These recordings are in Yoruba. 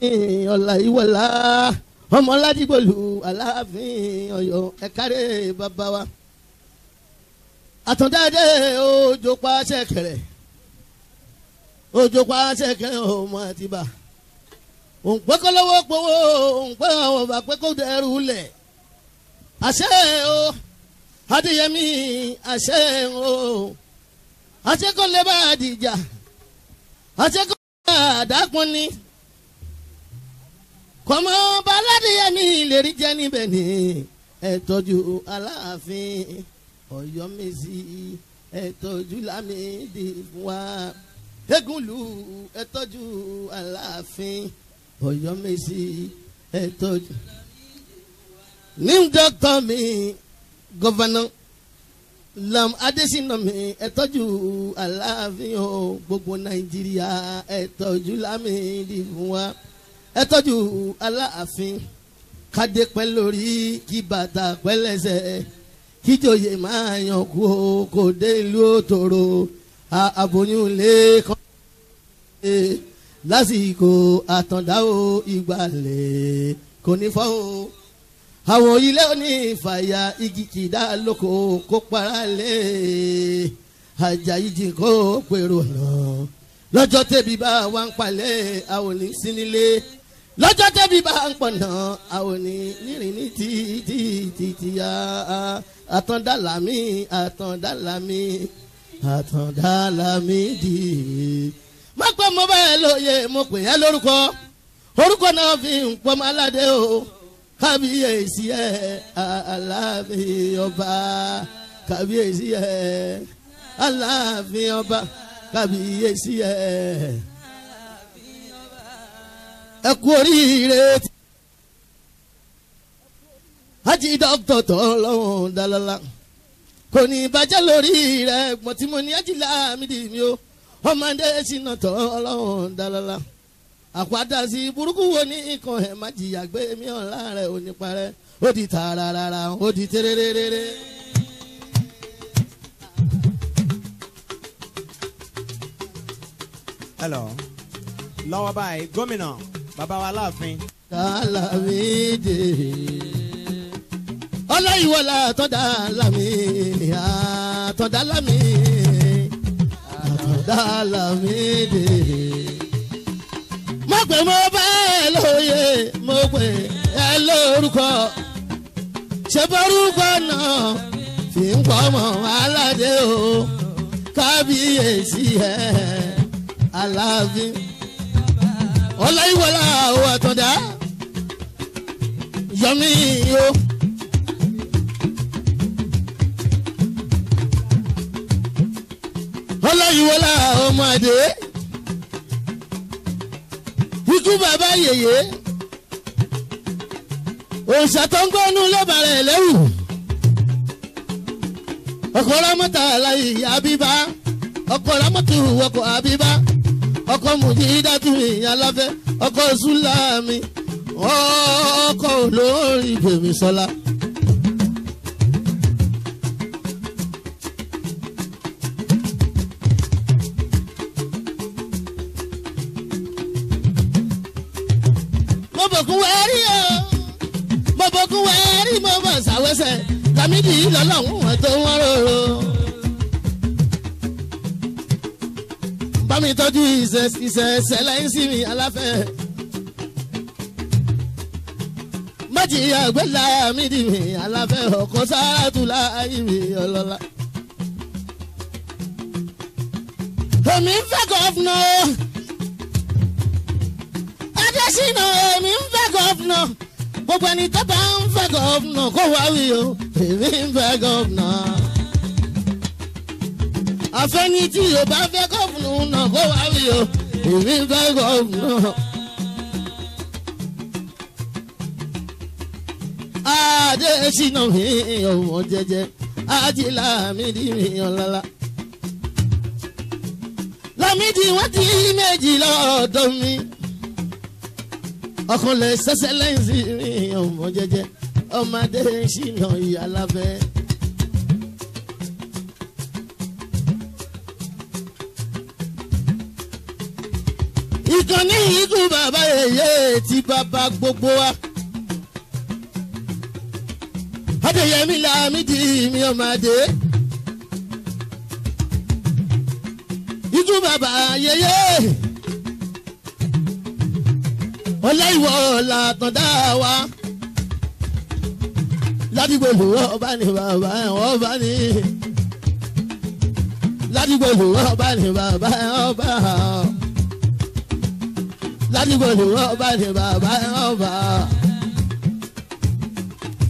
aláàfin ọ̀la ìwọ̀la ọmọ ládìgbòlù aláàfin ọ̀yọ́ ẹ̀kárẹ́ bàbá wa. àtúndáde òjò pa ṣẹ̀kẹ̀rẹ̀ òjò pa ṣẹ̀kẹ̀rẹ̀ ọmọ àtibá òǹpẹ́ kọ́lọ́wọ́ gbowó òǹpẹ́ àwọn ọba pé kó dẹrù lẹ̀ àṣẹ o adéyẹmí àṣẹ o àṣẹ kò àdìjà àṣẹ kò lè ni kọ́mọ baládìyẹ ní ìlérí jẹ́ níbẹ̀ ni ẹ tọ́jú aláàfin ọ̀yọ́mẹsì ẹ tọ́jú lámìdí wa egunlu ẹ tọ́jú aláàfin ọ̀yọ́mẹsì ẹ tọ́jú. new mi governor lam adesina mi ẹ aláàfin o gbogbo nàìjíríà ẹ tọ́jú lámìdí wa ẹ tọ́jú aláàfin kádé pẹ́ lórí kí bàtà pẹ́ lẹ́sẹ̀ kíjòyè máa yàn kú o kò dé ìlú òtòrò àbòyún lẹ́ẹ̀kan lásìkò àtàndá o ìgbàlẹ̀ kò ní fọ́ o àwọn ilé òní ìfàyà igi kìdá lóko kó para lé ajá ìjì kó pèrò ọ̀nà lọ́jọ́ tẹ̀bí bá wa ń palẹ̀ àwọn ò ní sí nílé lọ́jọ́ tẹ́bi bá ń pọ̀nà àwọn ní nírìn ní tí tí tí tí a àtọ̀dálàmí àtọ̀dálàmí àtọ̀dálàmí dì í. má pẹ́ mo bá ẹ lóye mo pè é lórúkọ orúkọ náà fi ń pọ́ mọ́ aládé o kábíyèsí ẹ aláàfin ọba kábíyèsí ẹ aláàfin ọba kábíyèsí ẹ ẹ kú oríire. Hájì dọ́kítọ̀ tọ́ lọ́wọ́n dalala. Kò ní ìbàjẹ́ lórí rẹ̀ gbọ̀n tí mo ní Hájì Láàmídì mi o. Ọmọdé ṣìnà tọ́ lọ́wọ́n dalala. Àpàdásí burúkú wo ní ikàn ẹ̀ má jìyà gbé mi ọ̀la rẹ̀ ò ní parẹ́. Ó di tààrà ó di tẹ́rẹ́rẹ́rẹ́. Hello. lọ́wọ́ báyìí gómìnà bàbá wa láàfin. Lámídé ọláyíwọlá àtọ́dá lámì àtọ́dá lámì àtọ́dá Lámídé. mo pè mo bá ẹ lóye mo pè ẹ lórúkọ ṣe bọ́rúkọ náà fi ń pọ̀ mọ́ aládé o kábíyèsí ẹ aláàfin ọláyíwọlá ò àtọ̀dá yọmí o. ọláyíwọlá ọmọ àdé ikú bàbá yèyé òòṣà tó ń gbọ́nú lẹ́bàrà ẹ̀ lẹ́wù ọkọ̀ ọlọ́mọta aláì àbíbá ọkọ̀ ọlọ́mọtò ọkọ̀ àbíbá ọkọ Mujidatu ìyá láfẹ́ ọkọ Súlámì ọkọ olórin Gbèmísọ́lá. mọ̀bọ̀kún wẹ́rí o mọ̀bọ̀kún wẹ́rí mọ̀bọ̀ sàwẹ́sẹ̀ kàmídìí lọ́lọ́run wọn tó wọ́n rò rò. bá mi tọ́jú ìṣẹ̀ṣẹ̀ lẹ́yìnsì mi aláfẹ́. májì àgbẹ̀lá mi dì mí aláfẹ́ ọkọ̀ sáà tù láàyè mi ọlọ́lá. èmi ń fẹ́ gọ́fúnà o adésínà èmi ń fẹ́ gọ́fúnà gbogbo ẹni tó bá ń fẹ́ gọ́fúnà kó wá wí o èmi ń fẹ́ gọ́fúnà. àfẹ́ni tí yóò bá fẹ́ gọ́fúnà gómìnà kó wá mi o èmi fẹ́ gómìnà. adé ṣìnà mi ọmọ jẹjẹ ajílá mi dì mí ọ̀làlà. lámìdí wọ́n ti méjì lọ́dọ̀ mi ọkùnrin sẹ́sẹ́ lẹ́yìn sí mi ọmọ jẹjẹ ọmọdé ṣìnà ìyá lábẹ́. ìkànnì yìí kú bàbá èyí ti bàbá gbogbo wa. Adéyẹmí Lámídì mi ọmọ adé. Ikú bàbá yeye. Ọlá ìwọ làtàn dá wa. Ládìgbò lù wọ́n bá ní bàbá ẹ̀ wọ́n bá ní. Ládìgbò lù wọ́n bá ní bàbá ẹ̀ wọ́n bá ní ládùúgbò ni wọ́n bá ní bàbá ọba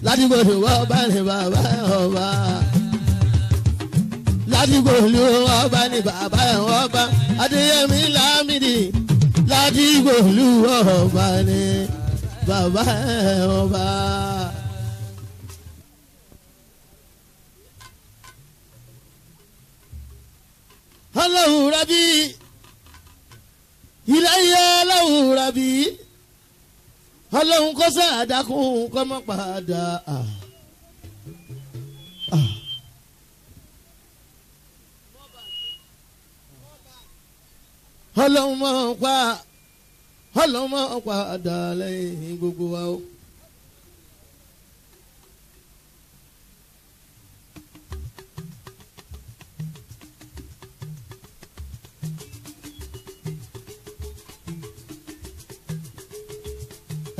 ládùúgbò ni wọ́n bá ní bàbá ọba ládùúgbò ni wọ́n bá ní bàbá ọba adéyẹmí lámìdí ládùúgbò ni wọ́n bá ní bàbá ọba. Hello, Rabbi iláyà aláwọ̀ rabi ọlọ́run kọ́ sàdákùn kọ́ mọ́ padà. ọlọ́run mọ̀ pa ọlọ́run mọ̀ padà lẹ́yìn gbogbo wa o.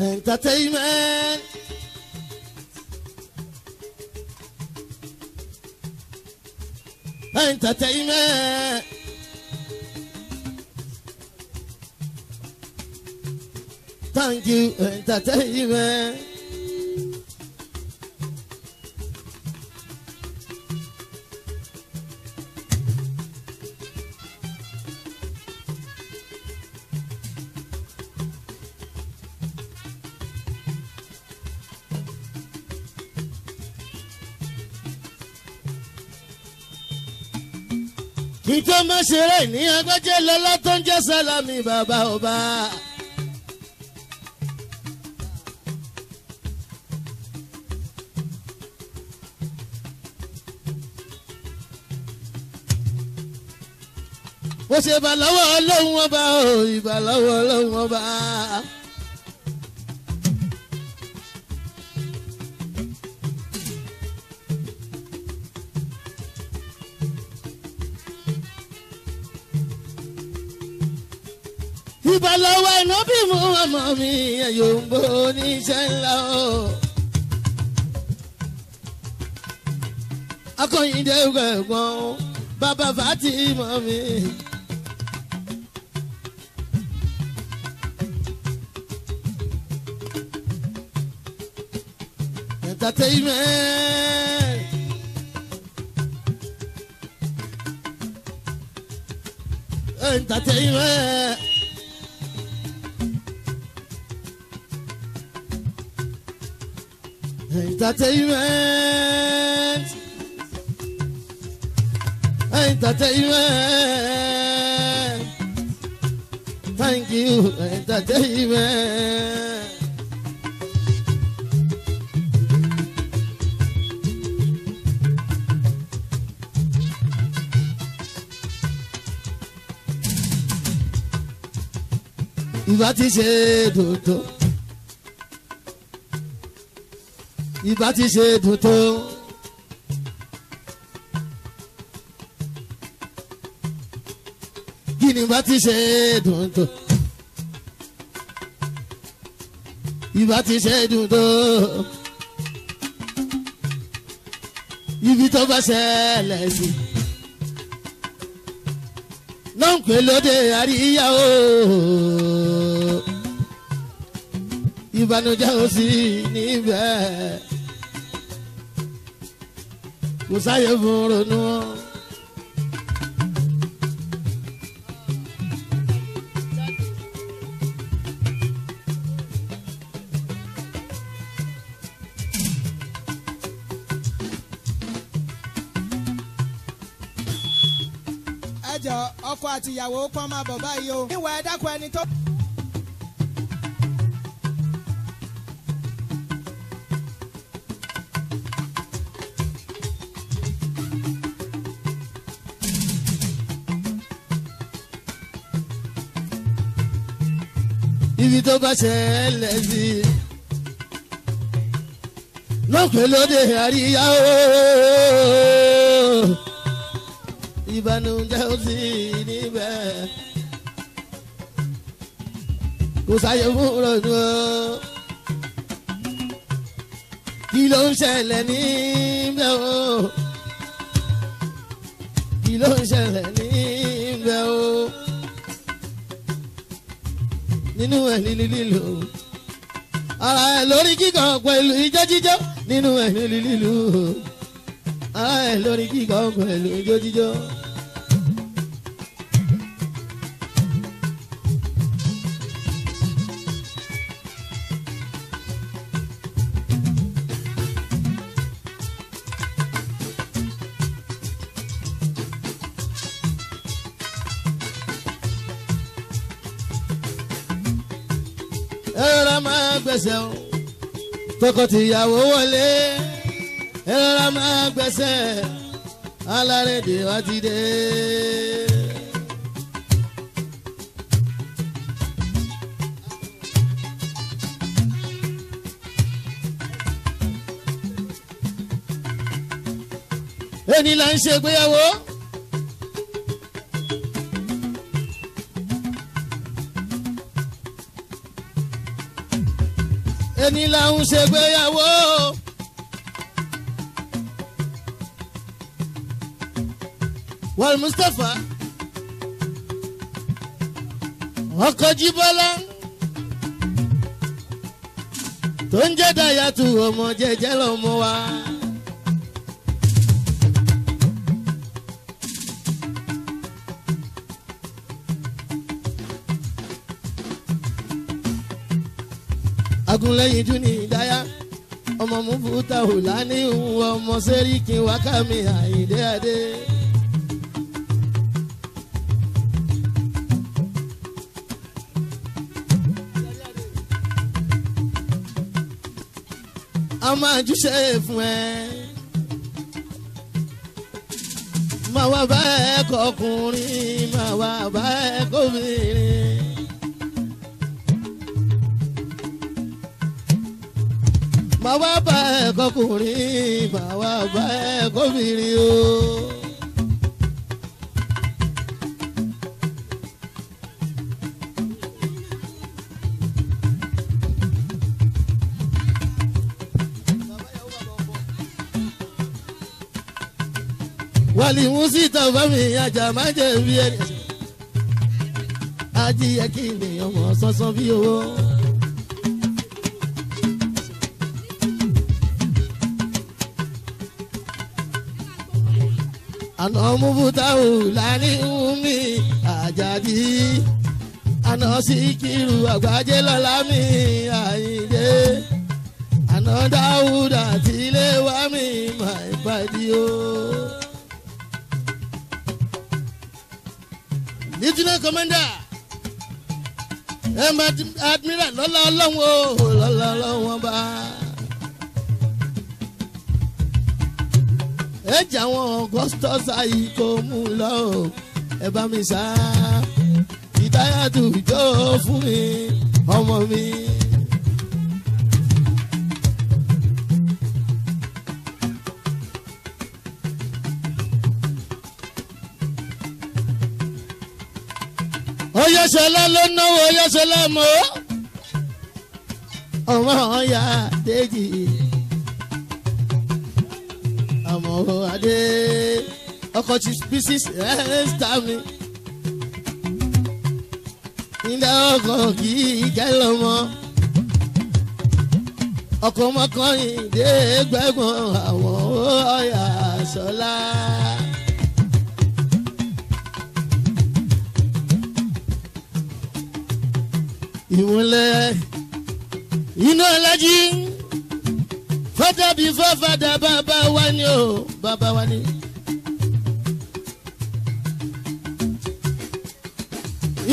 entertainment. Entertainment. Thank you, entertainment. ọmọṣẹrẹ ní agbájẹ lọlá tó ń jẹ sálámì bàbá ọba. mo ṣe ìbàlọ́wọ́ ọlọ́run ọba ò ìbàlọ́wọ́ ọlọ́run ọba. ìbàlọ́wọ́ iná bí mo ọmọ mi ẹ̀yọ́ ń bó oníṣẹ́ ńlá o. akọ̀yìndé gbẹ̀gbọ́n bàbá fàtí mọ́ mi. entertainment. entertainment. entertainment entertainment thank you entertainment. ìbá ti ṣe dòdò. ìbá ti ṣe dùn tó. gíní bá ti ṣe dùn tó. ìbá ti ṣe dùn tó. ibi tó bá ṣẹlẹ̀ sí. náà ń pè lóde àríyá ooo ìbànújẹ́ ò sí níbẹ̀ kò sáyè fún ronú wọn. ẹjọ ọkọ àtìyàwó kọ́ máa bọ̀ báyìí o. ìwà ẹ̀dákun ẹni tó. ibi tó bá ṣẹlẹ̀ sí i lọ́pẹ́ lóde àríyá ooo ìbànújẹ́ ó sì níbẹ̀ kò sáyé fún ròdùn ooo kí ló ń ṣẹlẹ̀ níbẹ̀ ooo kí ló ń ṣẹlẹ̀ níbẹ̀. nínú ẹ̀ nílí lílo ara ẹ̀ lórí kíkọ pẹ̀lú ijó jíjó nínú ẹ̀ nílí lílo ara ẹ̀ lórí kíkọ pẹ̀lú ijó tọkọtìyàwó wọlé ẹ rọra máa gbẹ́sẹ̀ alárèdè wá ti dé. ẹni là ń ṣègbéyàwó. ẹni làwọn ṣègbéyàwó. wal Mustapha ọkọ Jíbọ́lá tó ń jẹ́ dayatu ọmọ jẹ́jẹ́ lọ́mọ wa. Ògúnléyìn Júnì Ìdáyà ọmọ Múfútà Hùlání òun ọmọ Sẹ́ríkì Wákàmí Àyìndé Adé. a máa júṣe fún ẹ. Màá wá bá ẹ kọkùnrin, màá wá bá ẹ kóbìnrin. màá wá bá ẹ kọkùnrin màá wá bá ẹ kóbìnrin o. wàlí musita fami ajá má ẹni. ajíyẹ kí ni ọmọ sọ́sọ́ bí owó. àná múbútáwù lání wúmi àjàdí àná síkírù àgbájé lọ́lá mi àyíndé àná dáwùdà tílé wá mi máa ń pàdé o. lieutenant commander ẹ máa admiral lọ́lá ọlọ́run o oh, lọ́lá ọlọ́run ọba. ẹ jà wọn Augustus ayi kò mú lọ o ẹ bá mi sá ìdáyàtú jó fún mi ọmọ mi. oyesela ló náwó oyesela mọ́ ọmọ ọ̀ya déjì adé ọkọ̀ ti bísí ẹ̀ẹ́sítà mi. ilé ọkọ̀ kì í kẹ́ lọ́mọ ọkọ̀ mọ́kànlín dé gbẹ́gbọ̀n àwọn ọ̀yà sọ́lá. ìmúlẹ̀ iná ẹlẹ́jì father before father baba wa ni o bàbá wa ni.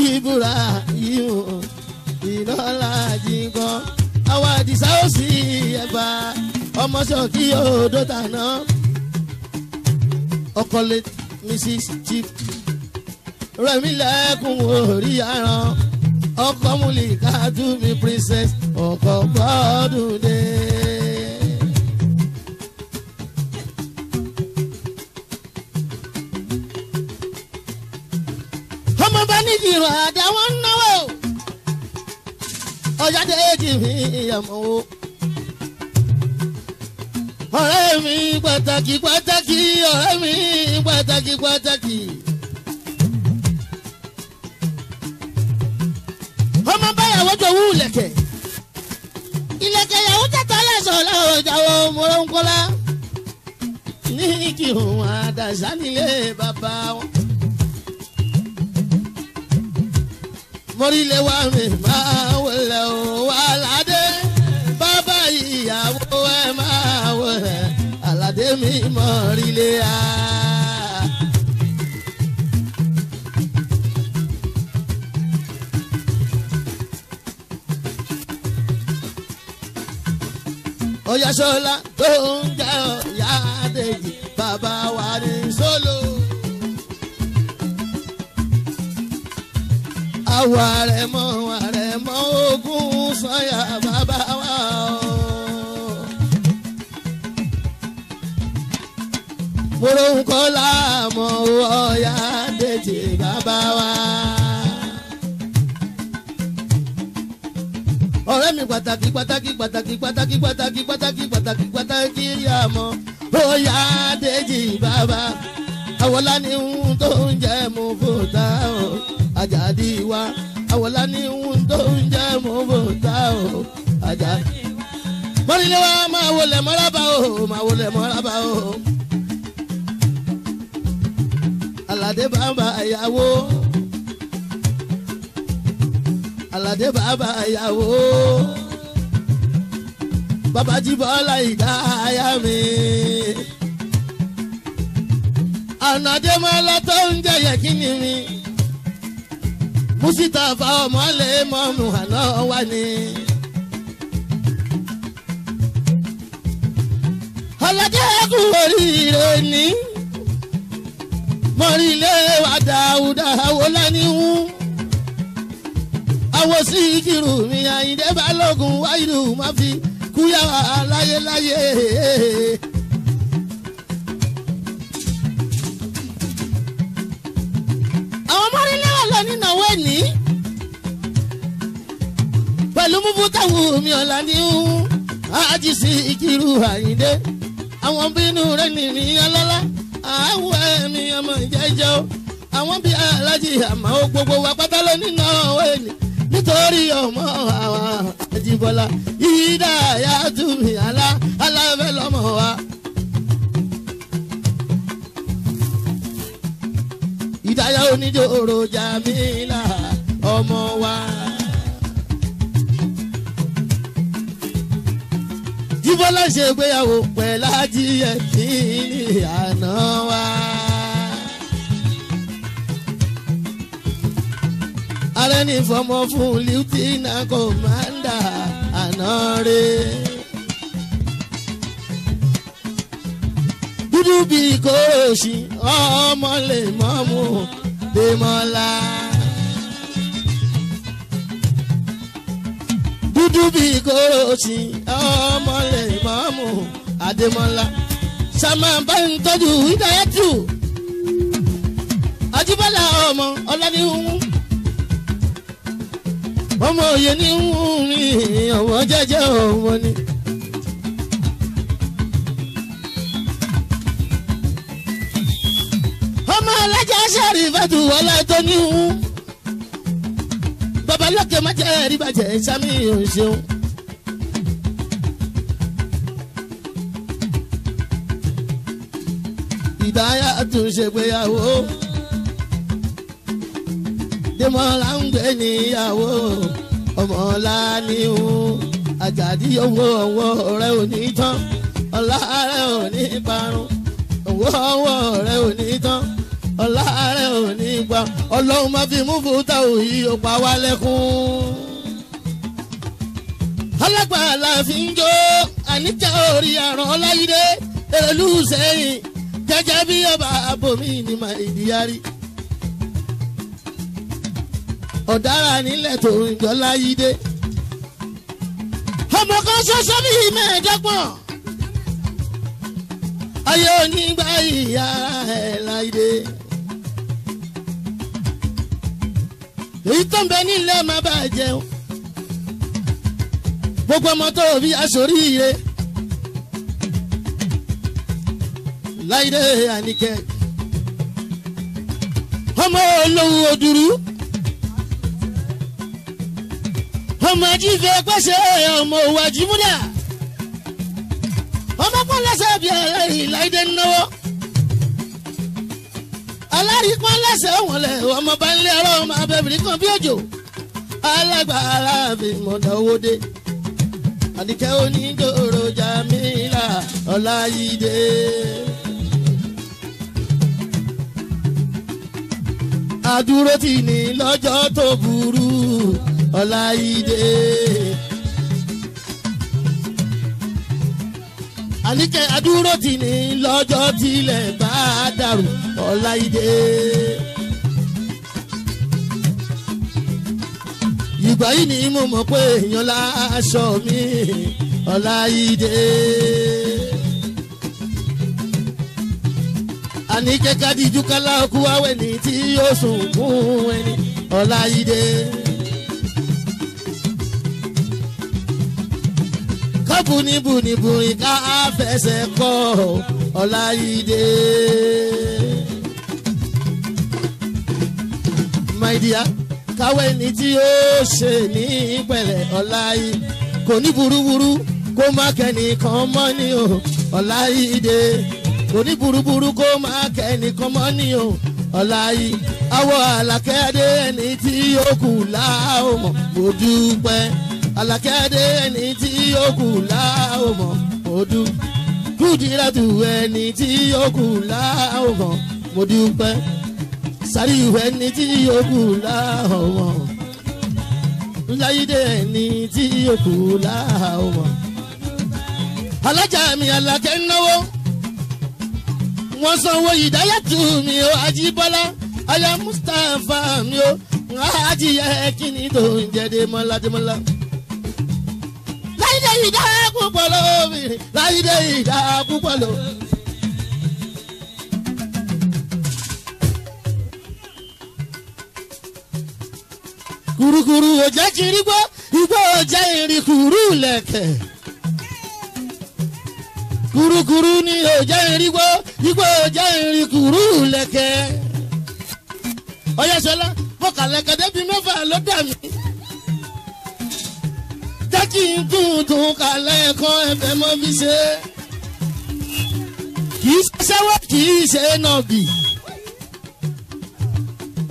ibùra yìí ìlọ́la jìngàn àwa àdìsá ó sì ẹ̀fà ọmọ ṣọ́ọ̀kì odò tàná. ọkọlẹ mrs chief rẹmi lẹkùn orí aràn ọkọ múlì mi princess ọkọ gbọdún dé. àdá wọn náwó ọ̀jáde èjì mi ìyàmọ̀ o. ọ̀rẹ́ mi pàtàkì pàtàkì ọ̀rẹ́ mi pàtàkì pàtàkì. ọmọ báyàwó jowú lẹ̀kẹ̀ ìlẹ̀kẹ̀ yàwó tẹ̀tọ̀ lẹ́sọ̀ lọ́wọ́ ìjàwó mọ̀rọ̀ ńkọ́lá ní kí òun àdàsá nílé bàbá wọn. mọ́rílẹ̀ wá mi máa wọlé o wá aládé bàbá ìyàwó ẹ máa wọlé aládé mi mọ́rílẹ̀ á. Oyasola tó ń jẹ́ ọ̀yá àdéjì bàbá wa ni. wà rẹ̀ mọ́ wà rẹ̀ mọ́ ogún sọ́yà bàbá wa o. Mòròǹkọ́lá mọ̀ ọ̀yà dèjì bàbá wa. ọ̀rẹ́ mi pàtàkì pàtàkì pàtàkì pàtàkì pàtàkì pàtàkì pàtàkì pàtàkì àmọ́ oya deji Baba. àwọlá ni ń tó ń jẹ́ mú fòtá o. Àjàdí wa àwọ̀lá ní ohun tó ń jẹ́ mò bò tá o Àjàdí. mọ́nilé wa máa wọlé mọ́rábà o máa wọlé mọ́rábà o. Àlàdé bàbá ìyàwó Àlàdé bàbá ìyàwó babaji bọ́lá ìdá aya mi. ànàdé máa lọ tó ń jẹ yẹ kí ni mi. Mustapha ọmọlẹ̀ mọ́mú àná wà ní. ọlọ́dẹ kú oríire ní mọ̀rílẹ̀ wa Dáúdà Awólàníwú àwọn sí kìrù mi Àyìndé Balógun wáyé má fi kúyà láyéláyé. nínáwó ẹ̀ní pẹ̀lú múbú táwọn omi ọ̀la ní àjíṣe ìkírù àyíndé àwọn bínú rẹ̀ nìrí ọlọ́lá àáwọ̀ ẹ̀mí ọmọ ìjẹ́jẹ́ o àwọn bíi alájí àmọ́ gbogbo wa pátá ló nínáwó ẹ̀ní nítorí ọmọ àwọn àjìbọ̀lá yídà yá tùmí alá alábẹ́ lọ́mọ wa. aya oníjòrò Jamila ọmọ wa. Jíbọ́lá ṣe ìgbéyàwó pẹ̀lú ajíyẹ kìíní àná wa. Ààrẹ ní ìfọmọ fún Lieutenant Commander àná rèé. dúdú bí kòòṣì ọmọ lè mọ́ mu Adémọ́lá. dúdú bíi kòròsì ọmọ lè mọ́mù Adémọ́lá. sàmà bá ń tọ́jú ìdáyàtú. Ajíbọ́lá ọmọ ọlọ́ni ń wú. ọmọ òye ní ń wú ọ̀wọ́ jẹ́jẹ́ ọmọ ni. aláṣẹ́rì fẹ́tù wọlé tó níhú. babalókè má jẹ́ ẹ̀rí bàjẹ́ ìsámi ò ṣeun. ìdáyà tún ṣègbéyàwó. Dèmọ́lá ń gbé níyàwó ọmọọlá níhú. Àjàdí owó ọwọ́ rẹ̀ ò ní tán ọlá rẹ̀ ò ní parun owó ọwọ́ rẹ̀ ò ní tán ọ̀la rẹ̀ ò ní gbà ọlọ́run má fi mú fúta òyì ó pa wá lẹ́kún. alágbàlá fi ń jó àníjà orí àrùn ọláyídé èrèlú sẹ́yìn jẹ́jẹ́ bí ọba abomi ni mà ìdíyàrí. ọ̀daràn nílẹ̀ tó ń jọ láyídé ọmọ kan ṣoṣo bíi mẹ́ẹ̀ẹ́dọ́gbọ̀n ayé onígbà ìyá ẹ̀ láìdé. èyí tó ń bẹ nílẹ̀ má bàjẹ́ o gbogbo ọmọ tó bí aṣoríire láìdé àníkẹ́ ọmọ olówó òdúrú ọmọ ajífẹ́ pàṣẹ ọmọ òwò àjímúdà ọmọ pọ́nlẹ́sẹ̀ bí ẹ̀rẹ́ ìláìdé náwó alárìípọ́n lẹ́sẹ̀ wọn lẹ̀ ọmọ bá ń lé ọ̀rọ̀ ọmọ abẹ́bìnrin kan bí òjò alágbára fi mọ̀dà owó dé àdìkẹ́ onídòrò jamila ọláyídé. àdúró tì ní lọ́jọ́ tó burú ọláyídé. àníkẹ́ adúró tì ní lọ́jọ́ tilẹ̀ bá dàrú ọláìdé. ìgbà yìí ni mo mọ̀ pé èèyàn láṣọ mi ọláìdé. àníkẹ́ kádìjú kálá ọkú wáwẹ̀ ní tí yóò sùn fún ẹni ọláìdé. bunibunibuni ká fẹsẹ̀ kọ́ Ọláyídé. my dear káwé ni tí yóò ṣe ní pẹ̀lẹ́ Ọláyí kò ní burúburú kó má kẹ́nìkan mọ́ ni o Ọláyídé kò ní burúburú kó má kẹ́nìkan mọ́ ni o Ọláyí awọ alákẹ́dé ẹni tí yóò kù láàmú mo dúpẹ́ alákẹ́dé ẹni tí ó kù láòmọ̀ òdu Kudiratu ẹni tí ó kù láòmọ̀ mo dúpẹ́ Sàríù ẹni tí ó kù Ńláyídé ẹni tí ó kù alájà mi alákẹ́ náwó wọ́n sanwó ìdáyàtú mi ó Ajíbọ́lá aya Mustapha mi o ń hájíyẹ kí ni tó ń jẹ́ dé mọ́ládémọ́lá. Mọ́lá láyé ìdá púpọ̀ lóbìnrin láyé ìdá púpọ̀ lóbìnrin. kùrùkùrù ò jẹ́ kirigbó igbó ò jẹ́ irin kùrù lẹ̀kẹ̀. kùrùkùrù ni ò jẹ́ irigbó igbó ò jẹ́ irin kùrù lẹ̀kẹ̀. ọ̀yẹ́sọ̀lá mọ̀kànlẹ̀kẹ̀ débi mẹ́fà ló dà mí aláàjì tuntun kàlẹ́ ẹ̀kọ́ ẹ̀fẹ́ mọ́ fi ṣe. kì í ṣẹ́wọ́ kì í ṣe nọ̀bì.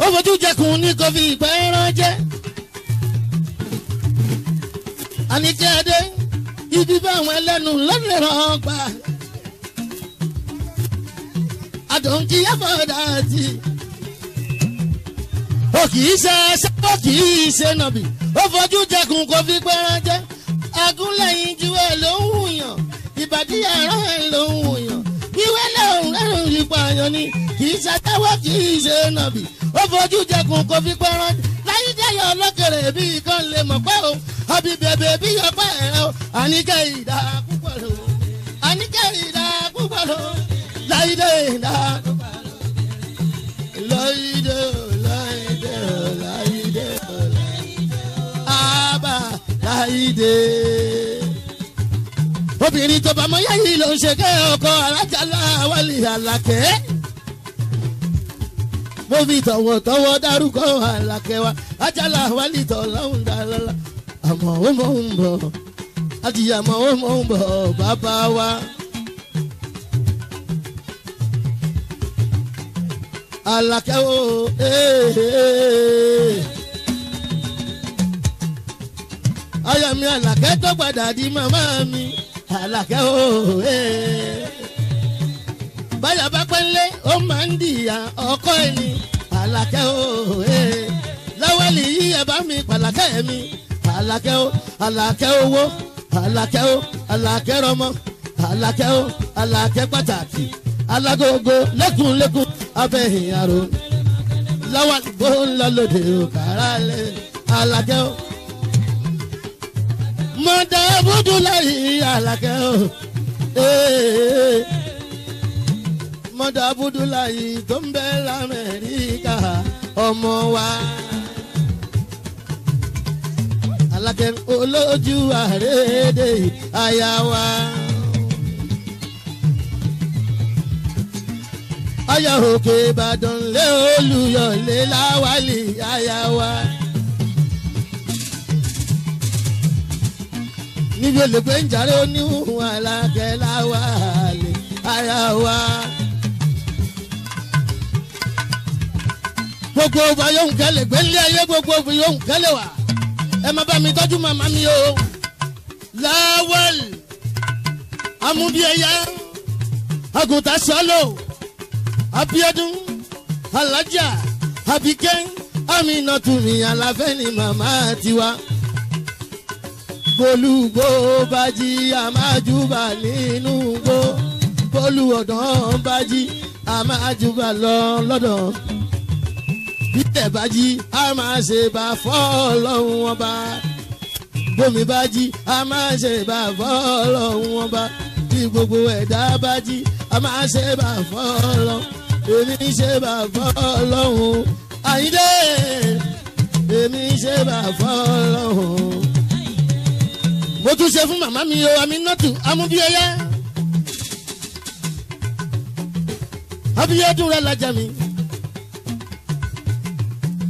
ó fojú jẹkùn ní kò fi ìpẹ́ ránjẹ́. àníkẹ́dẹ́ ibi báwọn ẹlẹ́nu lọ́nà ọgbà. àdùnkì yàbọ̀dà àti. ó kì í ṣe ṣẹ́wọ́ kì í ṣe nọ̀bì fojú jẹkùn kò fi pẹ́ ránjẹ́ ẹkún lẹ́yìn tiwọ́ ló ń wùyàn ìbàdí ẹ̀rọ ẹ̀ ló ń wùyàn ìwé lẹ́hùn lẹ́hùn ìpààyàn ni kì í ṣàtẹ́wọ́ kì í ṣe nàbì ó fojú jẹkùn kò fi pẹ́ ránjẹ́ láyé jẹ́yọ̀ ọlọ́kẹ̀rẹ̀ bí kan lè mọ̀ pẹ́ o àbí bèbè bí ọpẹ́ ẹ̀ o àníkẹ́ ìdá púpọ̀ lò àníkẹ́ ìdá púpọ̀ lò láyé ìdá púpọ̀ lò láyé ìdá láyé ìdá bàbá láìdè. obìnrin tó bá mọ yáyí ló ń ṣe kẹ́ ọkọ alájàlá wálé àlàkẹ́. mo fi tọ̀wọ̀tọ̀wọ̀ dárúkọ àlàkẹ́ wa àjàlá wálé tọ̀láhùn dàlálà àmọ́ ó mọ̀ ń bọ̀ àjìyàmọ́ ó mọ̀ ń bọ̀ bàbá wa. Àlàkẹ́ o. Hey, eh, eh, hey, eh. hey. ọyọ mi àlàkẹ́ tó padà di màmá mi àlàkẹ́ ooo eh. báyà bá pẹ́ ńlé ó máa ń dìyà ọkọ ẹni àlàkẹ́ ooo eh. lọ́wọ́ lè yí ẹ̀ bá mi pàlàkẹ́ mi àlàkẹ́ o àlàkẹ́ owó àlàkẹ́ o àlàkẹ́ rọmọ àlàkẹ́ o àlàkẹ́ pàtàkì alágógó lẹ́kùnlẹ́kùn abẹ́hìn àrò lọ́wọ́ àdìgbò ńlọ lóde òkàrà lẹ́ àlàkẹ́ o mọ̀tẹ́ abudulayi alakẹ́ o mọ̀tẹ́ abudulayi tó ń bẹ lamẹ́ríkà ọmọ wa. alakẹ́ olójú àrédè àyà wa. àyà òkè ìbàdàn lé olùyọ̀lé láwálì àyà wa. níbi olùgbé ń jàre oníhùn alákẹ́ láwa lè ara wa. gbogbo ọba yóò ń kẹ́lẹ̀ gbẹ́lẹ́ ayé gbogbo ọba yóò ń kẹ́lẹ̀ wá ẹ má bá mi tọ́jú màmá mi o láwẹ̀l amúdíẹ̀yà àgùntàn sọ́lọ̀ Abíọ́dún alájà Àbíkẹ́ Aminatu mi àlàfẹ́ ni màmá tiwa bolúgbó bá jí àmájúbà nínú gbó Bolu ọ̀dàn bá jí àmájúbà lọ lọ́dọ̀ bílẹ̀ bá jí a máa ṣe bá fọ́ ọlọ́run ọba bómi bá jí a máa ṣe bá fọ́ ọlọ́run ọba bí gbogbo ẹ̀dá bá jí a máa ṣe bá fọ́ ọlọ́run èmi ṣe bá fọ́ ọlọ́run àyíndé èmi ṣe bá fọ́ ọlọ́run mo tún ṣe fún màmá mi o Aminatu amúbíyẹyẹ abiyadun rẹ lajà mi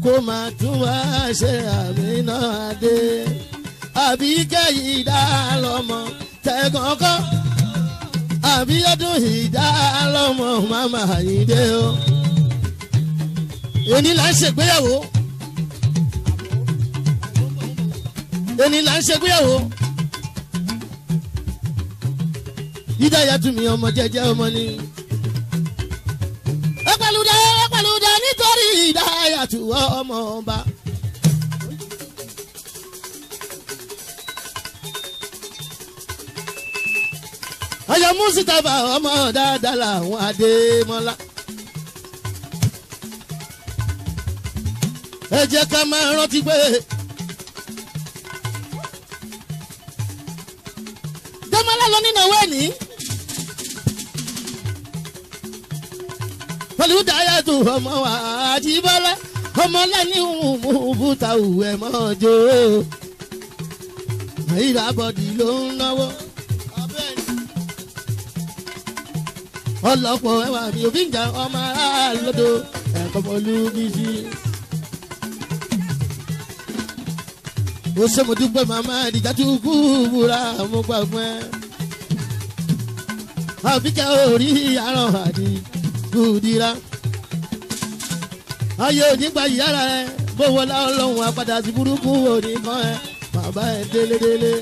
kó máa tún wá ṣe Aminade Àbíkẹ́ ìdá lọ́mọ tẹ̀gànkọ́ Àbíyadun ìdá lọ́mọ màmá Àyìndé o èní là ń ṣègbéyàwó èní là ń ṣègbéyàwó. Yídáyà tún mi ọmọ jẹjẹ ọmọ ni. Ẹ pẹ̀lúdẹ ẹ pẹ̀lúdẹ nítorí Yídáyà tún ọmọ ọba. Ọyọ Musitaba ọmọ dáadáa làwọn Adémọ́lá. Ẹ jẹ́ ká máa rántí pé. Jẹ́mọ́lá lọ nínú owó ẹ̀ nìyí. olùdáyàtò ọmọ wa àjíbọ́lá ọmọlẹ́ni òmùbúta òwẹ̀ mọ́jọ́ ìràbọ̀dì ló ń náwó. ọlọ́pọ̀ ẹwà mi ò fi ń jà ọmọ aláàlódò ẹ̀kọ́ mọ́lúbíṣì. ó ṣe mo dúpẹ́ màmá ìdíjà tó kú wúra mo gbàgbọ́ ẹ. àbíkẹ́ orí àrùn àdìyí dùdìrà. ayé onígbà yàrá rẹ bówó láọlọ́hún apàdà sí burúkú òní kan ẹ bàbá ẹ délédélé.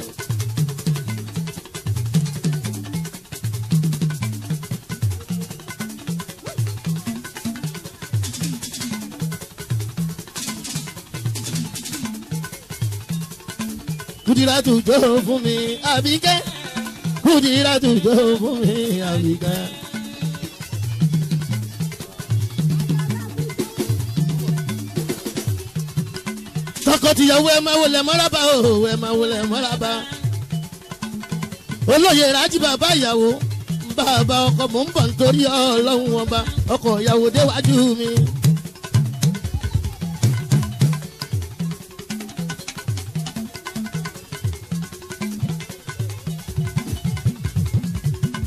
Kudiratu jó fún mi àbíkẹ́ Kudiratu jó fún mi àbíkẹ́. tọkọ tìyàwó ẹ máa wọlé mọ́rábà o ẹ máa wọlé mọ́rábà. olóyè rájí bàbá ìyàwó bàbá ọkọ mò ń bọ̀ nítorí ọlọ́run ọba ọkọ ìyàwó déwájú mi.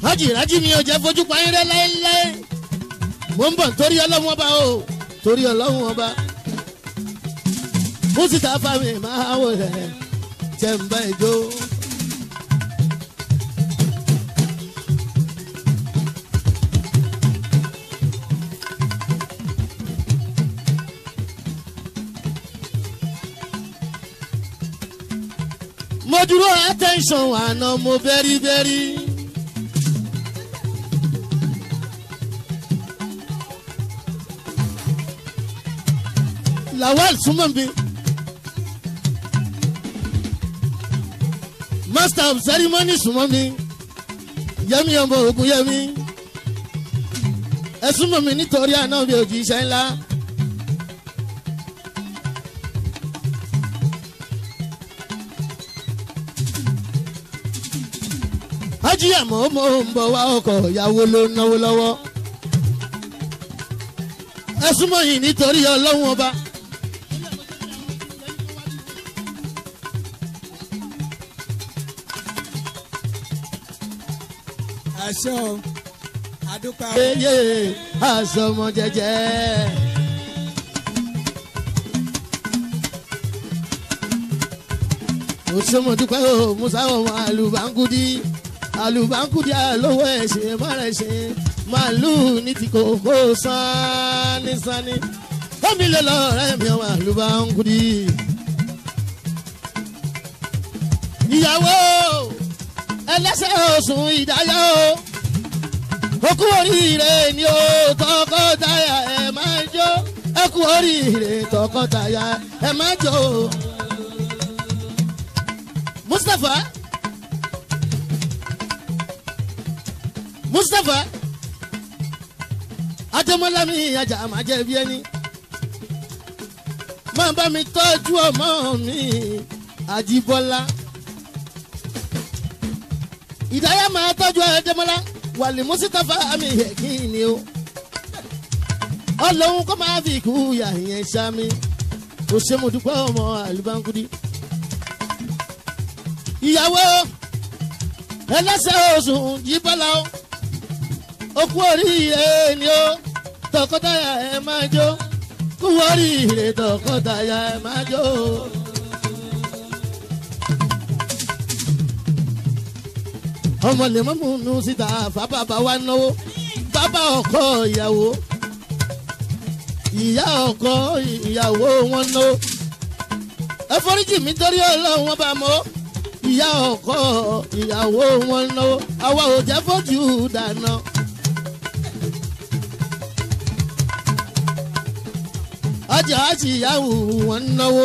rájí rájí mi ò jẹ́ fojú pa irin láéláé mò ń bọ̀ nítorí ọlọ́run ọba o torí ọlọ́run ọba. Mùsítà fami máa wò rẹ̀ jẹ̀mbá ìjó. mo dúró attention àná mo bẹ́rí bẹ́rí. Lawal súnmọ́ mi. master of ceremony súnmọ́ mi yẹmi ọmọ ogun yẹmi ẹ súnmọ́ mi nítorí àná mi ò jí iṣẹ́ ńlá. ájí àmọ́ mo ń bọ̀ wá ọkọ̀ ìyàwó ló náwó lọ́wọ́ ẹ súnmọ́ yìí nítorí ọlọ́run ọba. àṣẹ o àdúpẹ́. yeye àsọmọ jẹjẹ. òṣèmọ̀ dúpẹ́ o musa ọmọ àlùbáńkúdí àlùbáńkúdí àlówó ẹ̀ṣẹ̀ mọ́ra ẹ̀ṣẹ̀ màlúù ní ti kòkó sánísání omi lè lọ ọ̀rẹ́ mi ọmọ àlùbáńkúdí. ìyàwó ẹlẹ́sẹ̀ oṣùn ìdáyà o ó kú oríire ni o tọkọtaya ẹ máa jó ẹ kú oríire tọkọtaya ẹ máa jó Mustapha Mustapha Adémọ́lámi ajá máa jẹ bí ẹni máa bá mi tọ́jú ọmọ mi Àjíbọ́lá ìdáyà máa tọ́jú ẹ̀ẹ́dẹ́mọ́lá wàlí mùsítàfà àmì ẹ̀kí ni o ọlọ́run kó máa fi ìkú yà yẹn sámi kò ṣe mo dúpẹ́ ọmọ àlùbáńkúdí. ìyàwó ẹlẹ́sẹ̀ oṣùn yìí bọ́lá o okú oríire ni ó tọkọtaya ẹ máa jó kú oríire tọkọtaya ẹ máa jó. ọmọ lè mọ́ mú un síta fábàbà wa náwó bàbá ọkọ ìyàwó ìyá ọkọ ìyàwó wọn náwó ẹ foríjì mi torí ọlọ́run wọn bá mọ́ ìyá ọkọ ìyàwó wọn náwó àwa ò jẹ́ fojú dáná. ọjà àti ìyàwó wọn náwó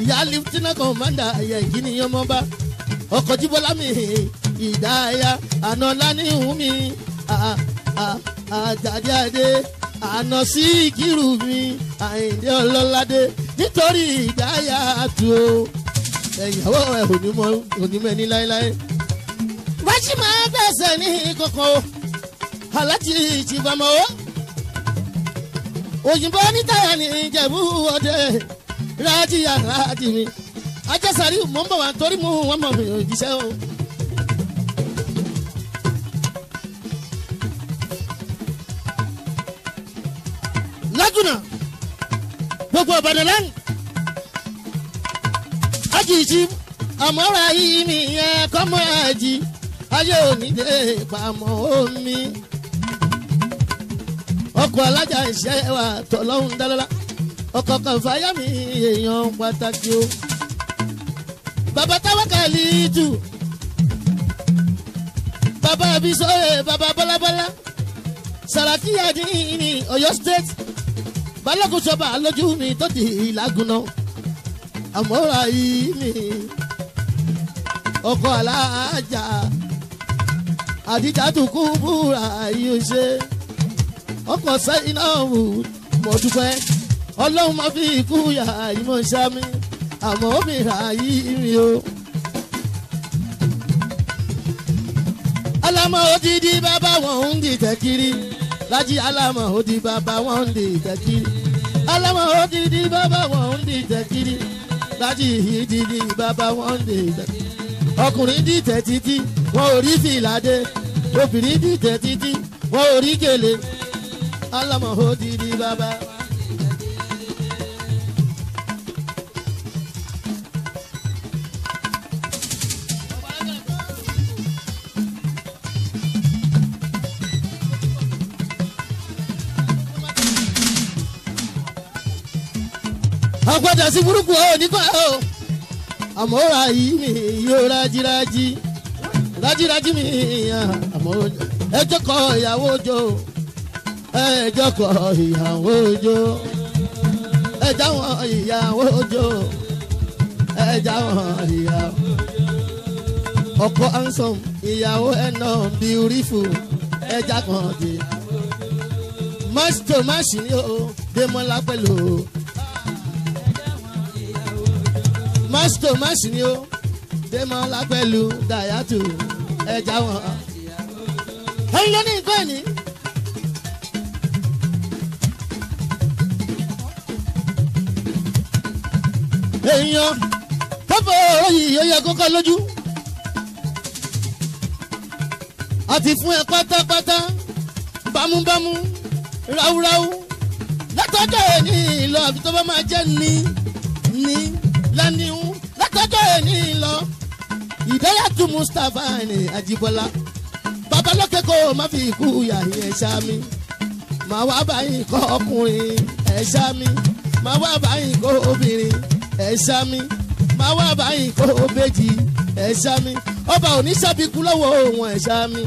ìyá lieutenant commander ẹ̀yẹ̀ ìjìnìyàn mọ́ba ọkọ̀ jíbọ́lámì ìdáyà àná lánìhùn mi àjàdí adé àná sí ìkírù mi àyìndé ọlọ́ládé nítorí ìdáyà tó ẹ̀yàwó ẹ̀ onímọ̀ ẹni láéláé. wájú máa gbẹ̀sẹ̀ ní kòkó aláti ìtìbọmọ́ òyìnbó onítàyà ní ìjẹ̀bú ọdẹ rájìyà rájì mi ajásàrí mò ń bọ̀ wá torí mò ń wọ́n mọ̀ òjíṣẹ́ o. jùnà gbogbo ọ̀bàdàn lẹ́nu ajìjì àmọ́ra yìí mi yẹ kọ́mọ́ àjì ayé òní dé pamọ́ omi ọkọ̀ alájà ìṣe wa tọ̀lọ́hún dálọ́lá ọkọ̀ kànfàyà mi èèyàn pàtàkì o bàbá táwákàlì tù bàbá bisọ́yè bàbá bọ́lábọ́lá sàràkí àdínní Ọ̀yọ́ state balógun ṣọba lójú mi tó di ìlágúnná àmọ́ra yìí mi ọkọ aláàjà àdìjà tó kú búra yìí ṣe ọkọ sẹ́yìn náà wù mọ́ dúpẹ́ ọlọ́run máa fi ikú yà ìmọ̀ ṣámi àmọ́ mi rà yìí mi o. alamọ odidi bàbá wọn ń dìtẹ̀ kiri lájí alamọ odidi bàbá wọn ń dìtẹ̀ kiri ọlọ́mọ odidi bàbá wọn ń dìtẹ̀ kiri láti ìdìdì bàbá wọn ń dìtẹ̀ kiri ọkùnrin dìtẹ̀ títí wọn ò rí fìlàdé obìnrin dìtẹ̀ títí wọn ò rí gèlè ọlọ́mọ odidi di wọn. àpàdà sí burúkú ọ̀ nípa ọ̀ àmọ́ra yìí mi yóò rájírájí rájírájí mi àmọ́ ẹjọ́ kọ ìyàwó ojó ẹjọ́ kọ ìyàwó ojó ẹjọ́ wọn ìyàwó ojó ẹjọ́ wọn ìyàwó ọkọ handsome ìyàwó ẹnà beautiful ẹjọ́ kan dé máṣí tó máṣí ni ó dé mọ́lá pẹ̀lú. mọ́sítò mọ́sí ni ó démọ́lá pẹ̀lú dayatu. ẹja wọn. ẹyin ló ní nǹkan ẹ̀ní. èèyàn pápá ọ̀rọ̀ yìí ó yẹ kókó lójú. àti fún ẹ pátápátá bámúbámú ráúráú látọjọ́ ẹ ní ìlọ àbí tó bá máa jẹ́ ní ní lání tọ́jọ́ ẹni lọ ìdáyàtú Mustapha ní Àjíbọ́lá babalókè kò má fi ikú yàrá ẹ̀ṣá mi màá wá báyìí kọ́ ọkùnrin ẹ̀ṣá mi màá wá báyìí kọ́ obìnrin ẹ̀ṣá mi màá wá báyìí kọ́ obèjì ẹ̀ṣá mi ọba oníṣàbíkú lọ́wọ́ wọn ẹ̀ṣá mi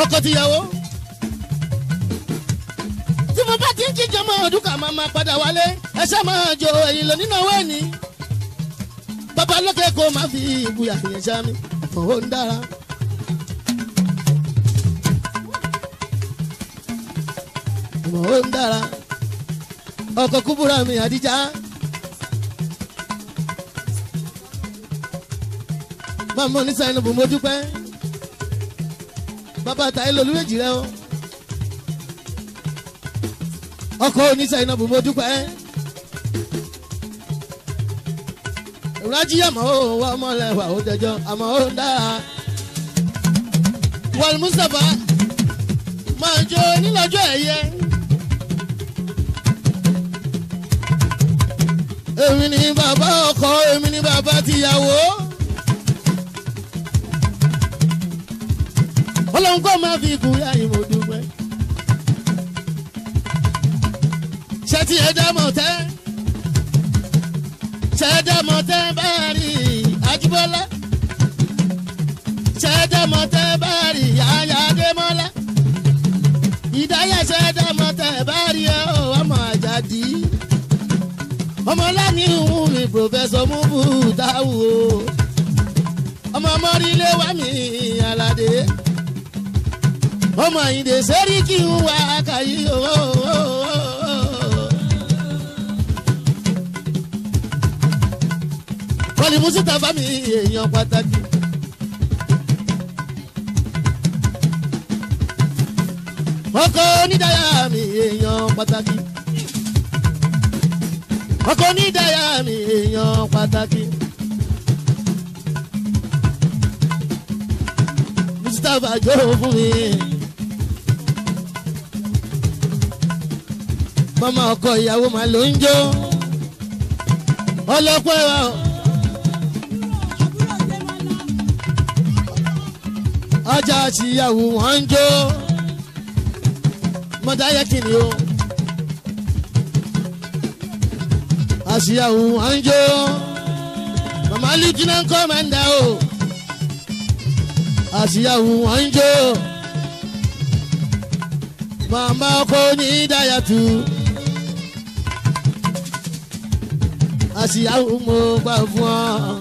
ọkọ tìyàwó tí mo bá ti ń jíjẹ mọ́ ọdún kà máa máa padà wálé ẹ ṣe máa jọ ẹ̀yìn lọ nínú ọwọ́ ẹ̀ní babalókè kò má fi ìbúyà yẹn ṣá mi owó ń dára. owó ń dára ọkọ̀ kúbúrà mi àdíjà. màmá oníṣàyẹn bò mójú pẹ́ bàbá àtàyè lolúwèjì rẹ o ọkọ̀ oníṣàyẹn bò mójú pẹ́. rájí àmọ́ ó wá ọmọlẹ́wà ó jẹjọ́ àmọ́ ó dáa. wal Mustapha máa jó nílọ́jọ́ ẹ̀yẹ. èmi ni bàbá ọkọ èmi ni bàbá tìyàwó. ọlọ́run kọ́ máa fi kú yá ìmọ̀ dúpẹ́. ṣé tí ẹ dá mọ̀ tẹ́ ṣẹ́dẹ̀mọ́ tẹ́ bá rí Ajíbọ́lá ṣẹ́dẹ̀mọ́ tẹ́ bá rí Yahaya Adémọ́lá Ìdáyà ṣẹ́dẹ̀mọ́ tẹ́ bá rí ọmọ Àjàdí ọmọ lẹ́ni ìhun mi pòfẹ́sọ̀ Múbù Táwù o ọmọ mọ́rílẹ̀ wá mi Àlàdé ọmọ Àyìndé Sẹ́ríkì ń wá kàyí o. Kọ́lí Musita fami èèyàn pàtàkì. Ọkọ onídàáyà mi èèyàn pàtàkì. Ọkọ onídàáyà mi èèyàn pàtàkì. Mustapha jó fún mi. Mama ọkọ ìyàwó màá ló ń jó. ọjà àtìyàwó wọn ń jó mọ̀dáyẹ kìnìún o àtìyàwó wọn ń jó màmá lùjìnà ń kọ́ mẹ́ńdà o àtìyàwó wọn ń jó màmá ọkọ onídàyàtú àtìyàwó mo gbà fún ọ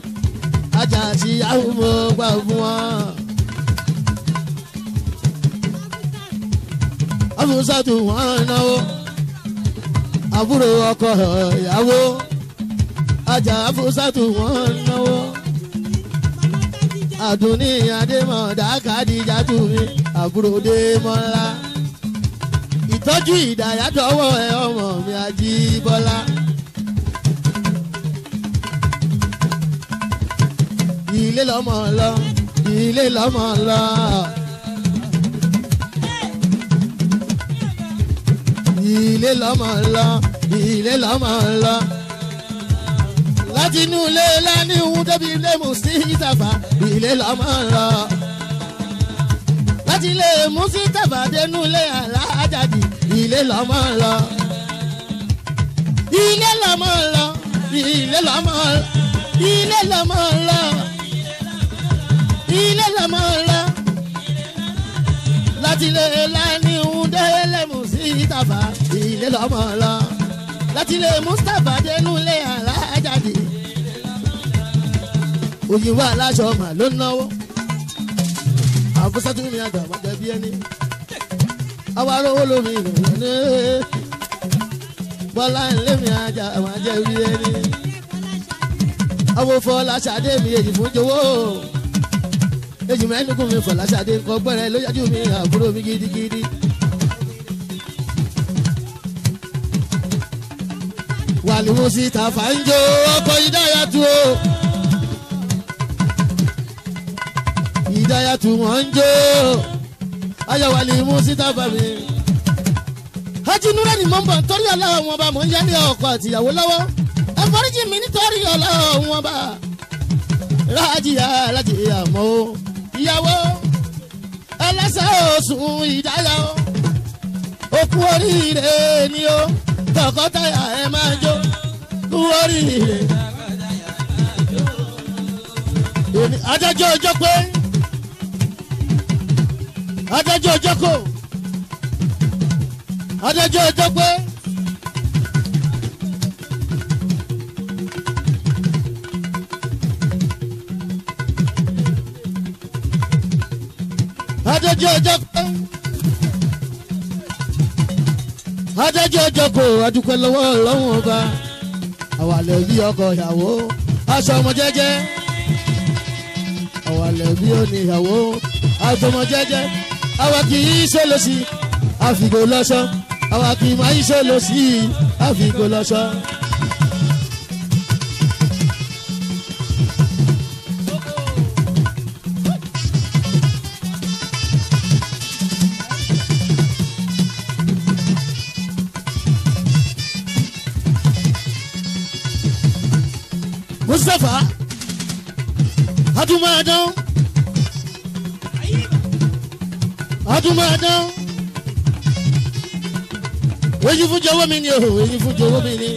ajá àtìyàwó mo gbà fún ọ. Hamsatu wọn náwó àbúrò ọkọ ìyàwó ajá Hamsatu wọn náwó àdùnní adémọ̀dá kàdíjà tù mí àbúrò démọ́lá ìtọ́jú ìdáyà dọ́wọ́ ẹ ọmọ mi Àjíbọ́lá. ilé lọ́mọ lọ ilé lọ́mọ lọ. ilé lọ́mọ lọ ilé lọ́mọ ń lọ. láti inú ilé lẹ́ni ohun débi ilé Mustapha ilé lọ́mọ ń lọ. láti ilé Mustapha dénú ilé alájàdì ilé lọ́mọ lọ. ilé lọ́mọ lọ ilé lọ́mọ lọ ilé lọ́mọ ń lọ ilé lọ́mọ lọ láti ilé lẹ́ni ohun débi ilé Mustapha tàbá ilé lọ́mọ lọ láti ilé Mustapha dénú ilé alájáde òyìnbó aláṣọ mà ló ń náwó àbúsátú mi àgbà wọn jẹ bí ẹni àwa rówó lómi ìròyìn ní bọ́lá ńlẹ́ mi àjà wọn jẹ bí ẹni àwọn Fọláṣadé mi èyí fún jọ̀wọ́ èyí mẹ́nukú mi Fọláṣadé kọ́ gbẹ́rẹ́ ló mi àbúrò mi gidigidi. àlùmọ́sí tàfà ń jó ọkọ̀ tu. o. tu wọ́n ń jó ayọ̀wálé mọ́sí tàfà mi. Hajj Nura ni mò ń bọ̀ nítorí ọlọ́run wọn bá mò ń yá ní ọkọ àtìyàwó lọ́wọ́ ẹ foríjì mi nítorí ọlọ́run wọn bá rájìyà rájìyà mọ́ o ìyàwó ẹlẹ́sẹ̀ oṣùn ìdáyà o òkú oríire ni o tọkọtaya ẹ máa jó. kú oríire. adájọ́ pé adájọ́ ọjọ́ kò adájọ́ ọjọ́ pé. adájọ́ ọjọ́ pé kò ọba. àwàlẹ̀ bí ọkọ ìyàwó aṣọ ọmọ jẹ́jẹ́ àwàlẹ̀ bí oníyàwó aṣọ ọmọ jẹ́jẹ́ àwa kì í ṣe lọ sí àfìgò lọ́sọ àwa kì í máa ṣe lọ sí àfìgò lọ́sọ. ṣẹ̀fà adúmáadán adúmáadán èyí fún jọ̀wọ́ mi ni o èyí fún jọ̀wọ́ mi ni.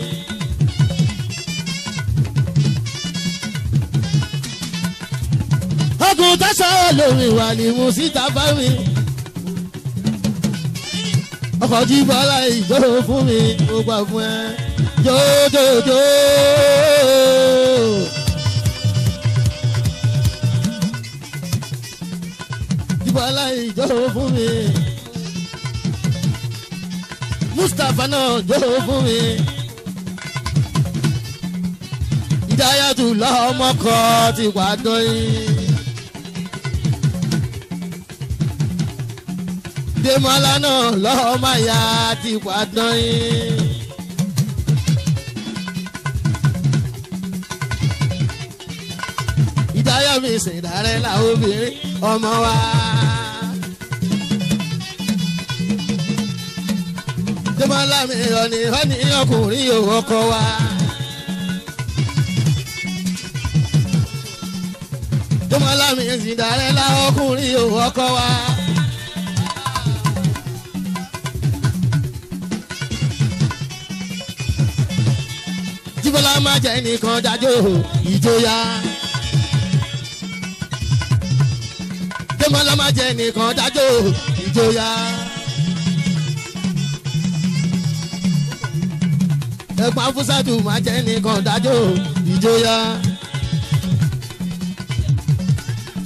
ogun tẹ́sán olórin wà ní mu síta bá mi. ọkọ̀ jí bọ́lá ìjọ́ fún mi ó gbà fún ẹ jójójó. jó fún mi. Mustapha náà jó fún mi. Ìdáyàtú lọ́mọkọ ti wà dọ́yìn. Dèmọ́lá náà lọ́mọ ya ti wà dọ́yìn. Ìdáyàmí ṣèdárẹ́ làwọn obìnrin ọmọ wa. ọmọlámi ọ̀nì ọ̀nì ọkùnrin yòówó ọkọ wa. ọmọlámi ìsìndàrẹ́lá ọkùnrin yòówó ọkọ wa. jíbọ́lá máa jẹ́ nìkan jájó ìjọyà. jíbọ́lá máa jẹ́ nìkan jájó ìjọyà. ẹ̀pà fúsàtù máa jẹ́ nìkan dájọ́ ìjọyà.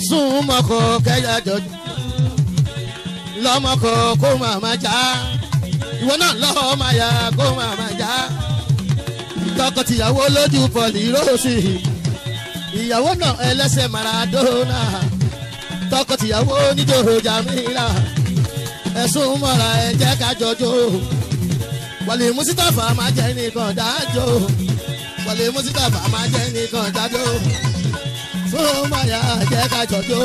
sùn mọ́kọ kẹ́yà jọjọ lọ́mọkọ kó màmá já ìwọ náà lọ́ọ́ máa yà kó màmá já tọkọtìyàwó lójú pọ̀lì róòsì ìyàwó náà ẹlẹ́sẹ̀ maradona tọkọtìyàwó níjòhò jàmíra ẹ̀sùn mọ́ra ẹ̀jẹ̀ kájọjọ́ wọlé musitafa máa jẹ́ nìkan dájọ́ wọlé musitafa máa jẹ́ nìkan dájọ́ fún maya jẹ́ ká jọjọ́.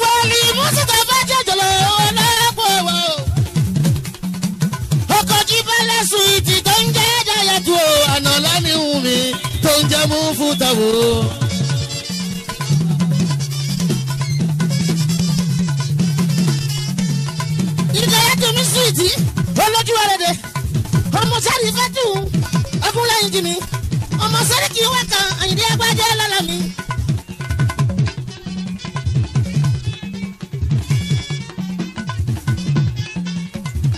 wọlé musitafa jẹjọ lọ ọlọ́pọ̀ wa o ọkọ̀ jí bẹ́lẹ̀ sùn ìtì tó ń jẹ́ dáyàtú o àná lánìhùn mi tó ń jẹ́ mú fún tàwọn o olójú ọ̀rẹ́dẹ ọmọ sáré fẹ́tù ọkùnrin jì mí ọmọ sáré kì í wá kan àyìndé agbájẹ́ lọ́la mi.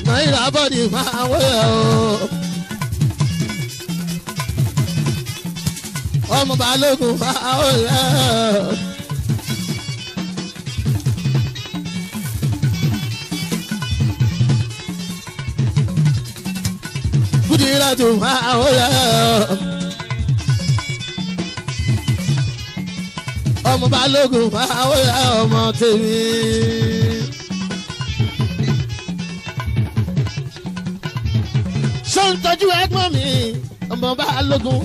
náírà bọ́ọ̀dì máa wẹ̀ ọ́. ọmọ balógun máa wẹ̀ ọ́. tó máa ó yá. ọmọ balógun máa ó yá ọmọ tèmi. ṣó ń tọ́jú ẹ̀gbọ́n mi ọmọ balógun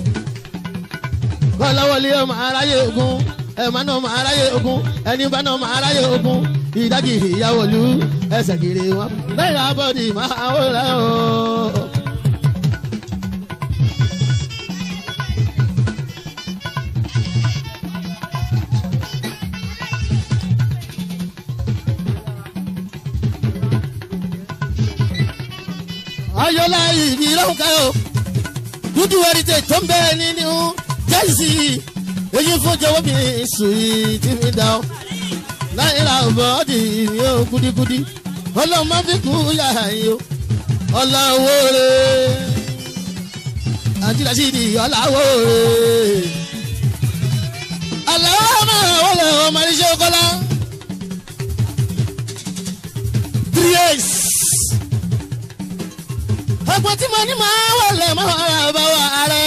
kọ́láwọlé ọmọ aráyé ogun ẹ̀ma náà ogun ẹni bá náà ọmọ aráyé ogun ìdágìrì ìyàwó lu ẹsẹ̀ wọn. bẹ́ẹ̀ ni abọ́dì máa ó yá láì ní lọ́hùn ká o dúdú heritage tó ń bẹ nínú jẹ́sì èyí fún jẹ́wọ́ mi sùn yìí tí mi dá o náírà bọ́ọ̀dì mi ò kúdíkúdí ọlọ́mọ fi kú yàrá yìí o ọ̀làwọ̀ rẹ̀ àjùlásí ni ọ̀làwọ̀ rẹ̀ àlàwọ̀ máa wọlé ọmọ iṣẹ́ kọ́lá three eight ẹ̀gbọ́n tí mo ní máa wọlé mọ́ ara bá wa ààrẹ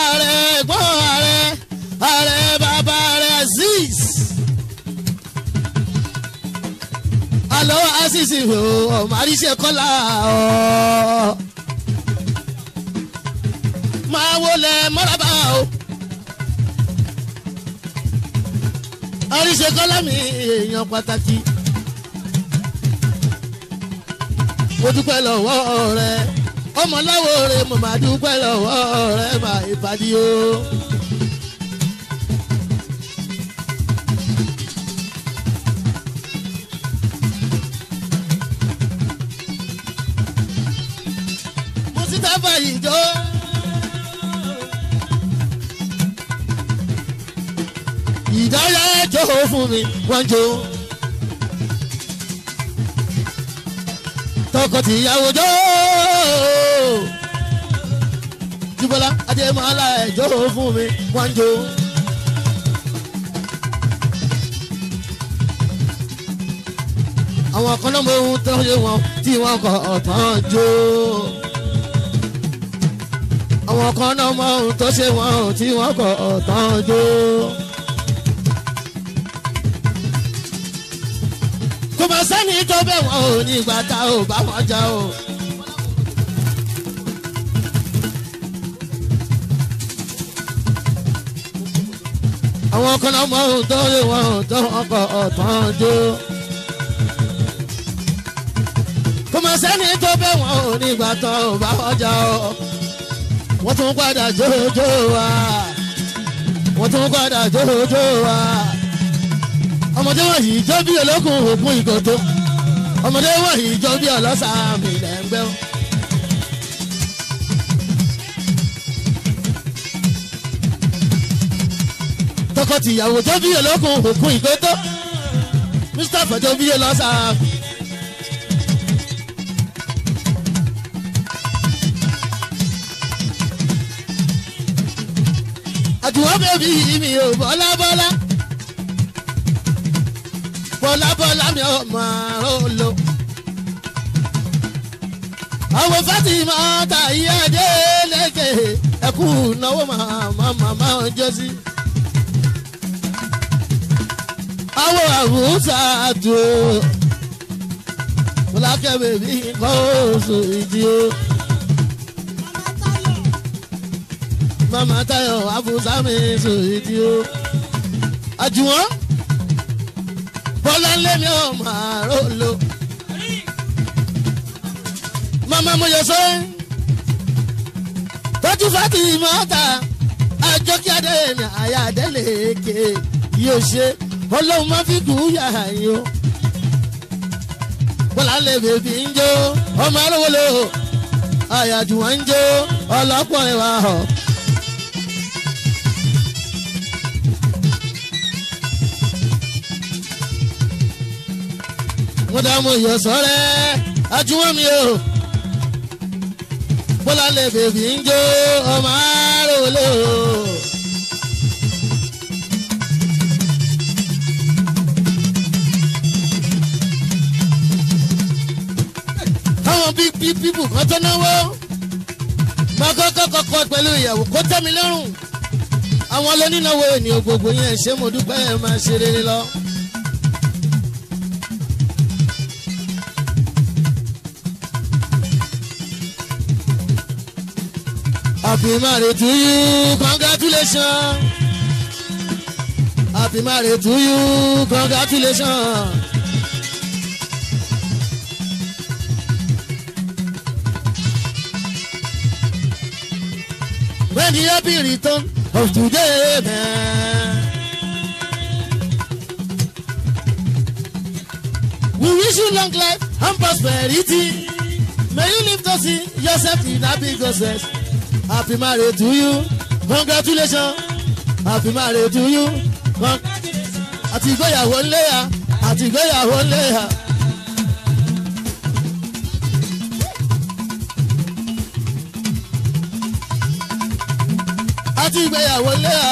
ààrẹ ẹ̀gbọ́n ààrẹ ààrẹ bàbá ààrẹ Azeez. àlọ́ Azeez o ọmọ àríṣe kọ́lá o. máa wọlé mọ́ràbá o. àríṣe kọ́lá mi èèyàn pàtàkì mo dúpẹ́ lọ́wọ́ rẹ ọmọláwo rẹ mo máa dúpẹ́ lọ́wọ́ rẹ máa ìpàdé o. mo ti dábàá yìí jọ. ìdáyà jó fún mi wọ́n jó. tọkọtìyàwó jó. Adémọ́lá ẹjọ́ fún mi wọ́n jó. àwọn kan ohun tó wọn tí wọ́n kọ ọ̀tàn jó. àwọn kan ohun tó wọn tí wọ́n kọ ọ̀tàn jó. kò mọ̀ sẹ́ni tó bẹ̀ wọ́n ò ní ìgbà ò bá wọn já o. àwọn kan náà mọ ohun tó lè wọn ohun tó wọn kọ ọ̀tán jó. kò mọ̀ sẹ́ni tó bẹ̀ wọ́n ò ní ìgbà tán ò bá ọjà ọ. wọ́n tún padà jójó wa wọ́n tún padà jójó wa. ọmọdé wọ̀nyí jọ́ bí olókùn òkun ìkòtó ọmọdé wọ̀nyí jọ́ bí ọlọ́sàmì lẹ́ńgbẹ́ ọkọ tìyàwó tó bí olókun òkun ìgbótó Mustapha tó bí olọ́sà. àdùwọ́ bèbí mi ò bọ́lá bọ́lá bọ́lá bọ́lá mi ò máa ń lò àwọn Fatima ta adé lẹ́kẹ̀ẹ́ ẹkún náwó màmá màmá ọjọ́ sí. àwọn àwùsà àjò fúlákẹ́wé mi kọ́ oṣù ìdí o. mama tayo àfúsà mi oṣù ìdí o. àjùwọ́n bọ́lá lé ní ọmọ àárọ̀ lo. mama mo yọ sẹ́yìn tọ́jú fati mọ́ta àjọkí adé ní àyà àdélé ke yóò ṣe ọlọ́run má fi kú yàrá yìí o. bọ́lá lè bèbí ń jó ọmọ arówó lò ó àyàjù wọn ń jó ọlọ́kùnrin wa hàn. mo dá mo yọ sọ́rẹ́ ajúwọ́n mi o bọ́lá lè bèbí ń jó ọmọ arówó lò ó. káwọn big big people kan tó náwó máa kọ́kọ́ kọ́kọ́ pẹ̀lú ìyàwó kó tẹ́ mi lọ́rùn àwọn lónínáwó ènìyàn gbogbo yẹn ṣé mo dúpẹ́ ẹ máa ṣe rere lọ. Happy marriage to you, congratulations. Happy marriage to you, congratulations. and the happy return of today, man. We wish you long life and prosperity. May you live to see yourself in happy success. Happy marriage to you. Congratulations. Happy marriage to you. Congratulations. Àti ìgbéyàwó ńlẹ́yà. Àti ìgbéyàwó ńlẹ́yà. àti ìgbéyàwó léa.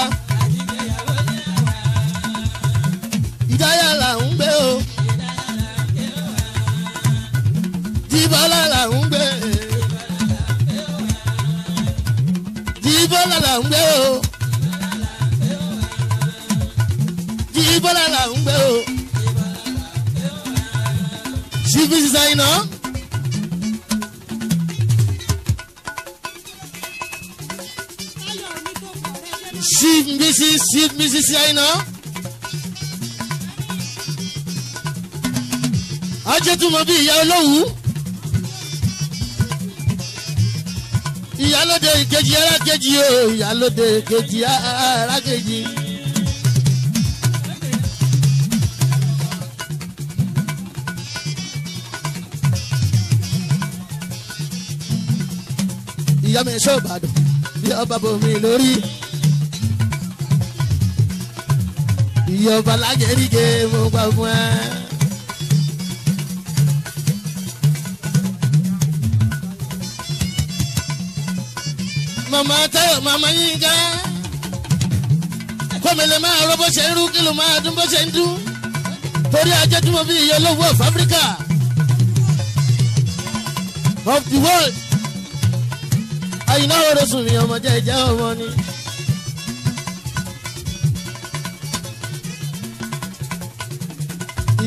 ìdáyà là ń gbé o. jìbọ́lá là ń gbé. jìbọ́lá là ń gbé o. jìbọ́lá là ń gbé o. ṣíbí sísá iná. Mrs. Mrs. Aina. ajẹ́tùmọ̀ bíi ìyá olówú ìyálóde ìkejì arákejì o ìyálóde ìkejì arákejì. ìyá mi sọ̀bàdàn bí ọba bomi lórí. ìyọba lájẹríge mo gbà fún ẹ. màmá táyọ̀ màmá yín ká kọ́mẹlẹ máa rọ bó ṣe ń rú kí máa dún bó ṣe ń dún torí ajé tí mo fi ìyẹn lówó of Africa of the world àyìnbá wo sùn mí ọmọ jẹ́ ìjẹ́ ọmọ ni.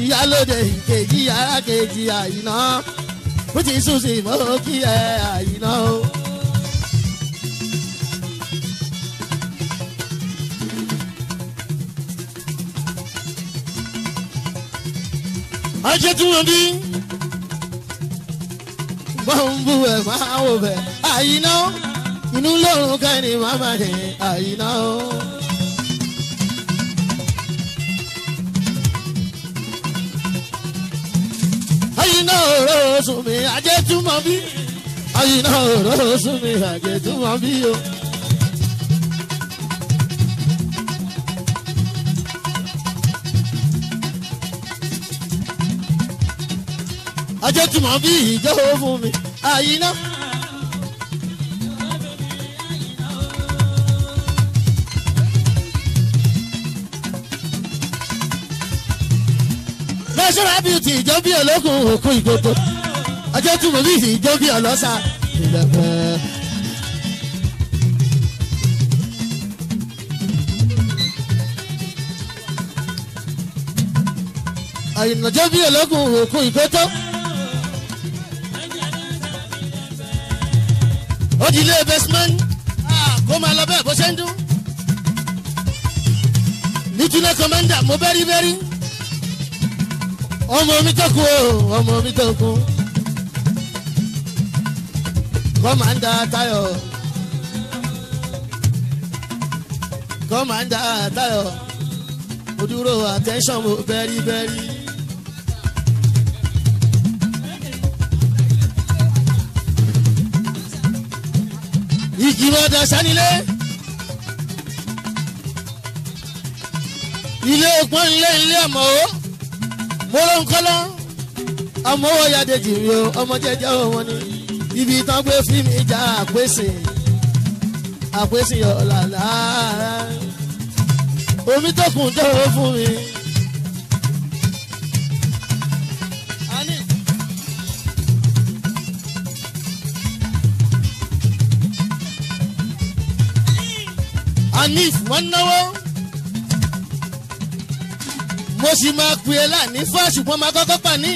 ìyálóde ìkejì arákejì àyìnà bó ti sùn sí mọ́ kí ẹ àyìnà o. ajé tí wọ́n bí bọ́ǹbù ẹ̀ máa wò bẹ̀ àyìnà inú lòrùn kẹ́ni máa máa dé àyìnà o. àyìnà òró sùn mí ajé túmọ̀ bí àyìnà òró sùn mí ajé túmọ̀ bí o. ajé túmọ̀ bí ìjọ́ fún mi àyìnà. sì jọ bí olókùn òkú ìgbòdo ọjọ́ tí mo bí sì ọlọ́sà àyìnàjọ́ bí olókùn òkú ìgbòdo. ó di kó máa lọ bẹ́ẹ̀ bó ṣe ń dún. ní kọ́mẹ́ndà mo bẹ́rí bẹ́rí ọmọ mi tó kú ọmọ mi tó kú kọ́mándà Táyọ̀ kọ́mándà Táyọ̀ mo attention mo bẹ́rí bẹ́rí. ìjìnlẹ̀ ọ̀dà sanilé ilé ọgbọ́n ilé ilé àmọ́ o mo ló ń kọ́lá ọmọwọ́ ọmọ ni ibi tán gbé fíìmù ìjà àpèsìn àpèsìn ọ̀làlá omi tó kùn tó fún mi. anif wọn mo sì máa pè é láàní fá ṣùgbọ́n máa kọ́kọ́ pà ní.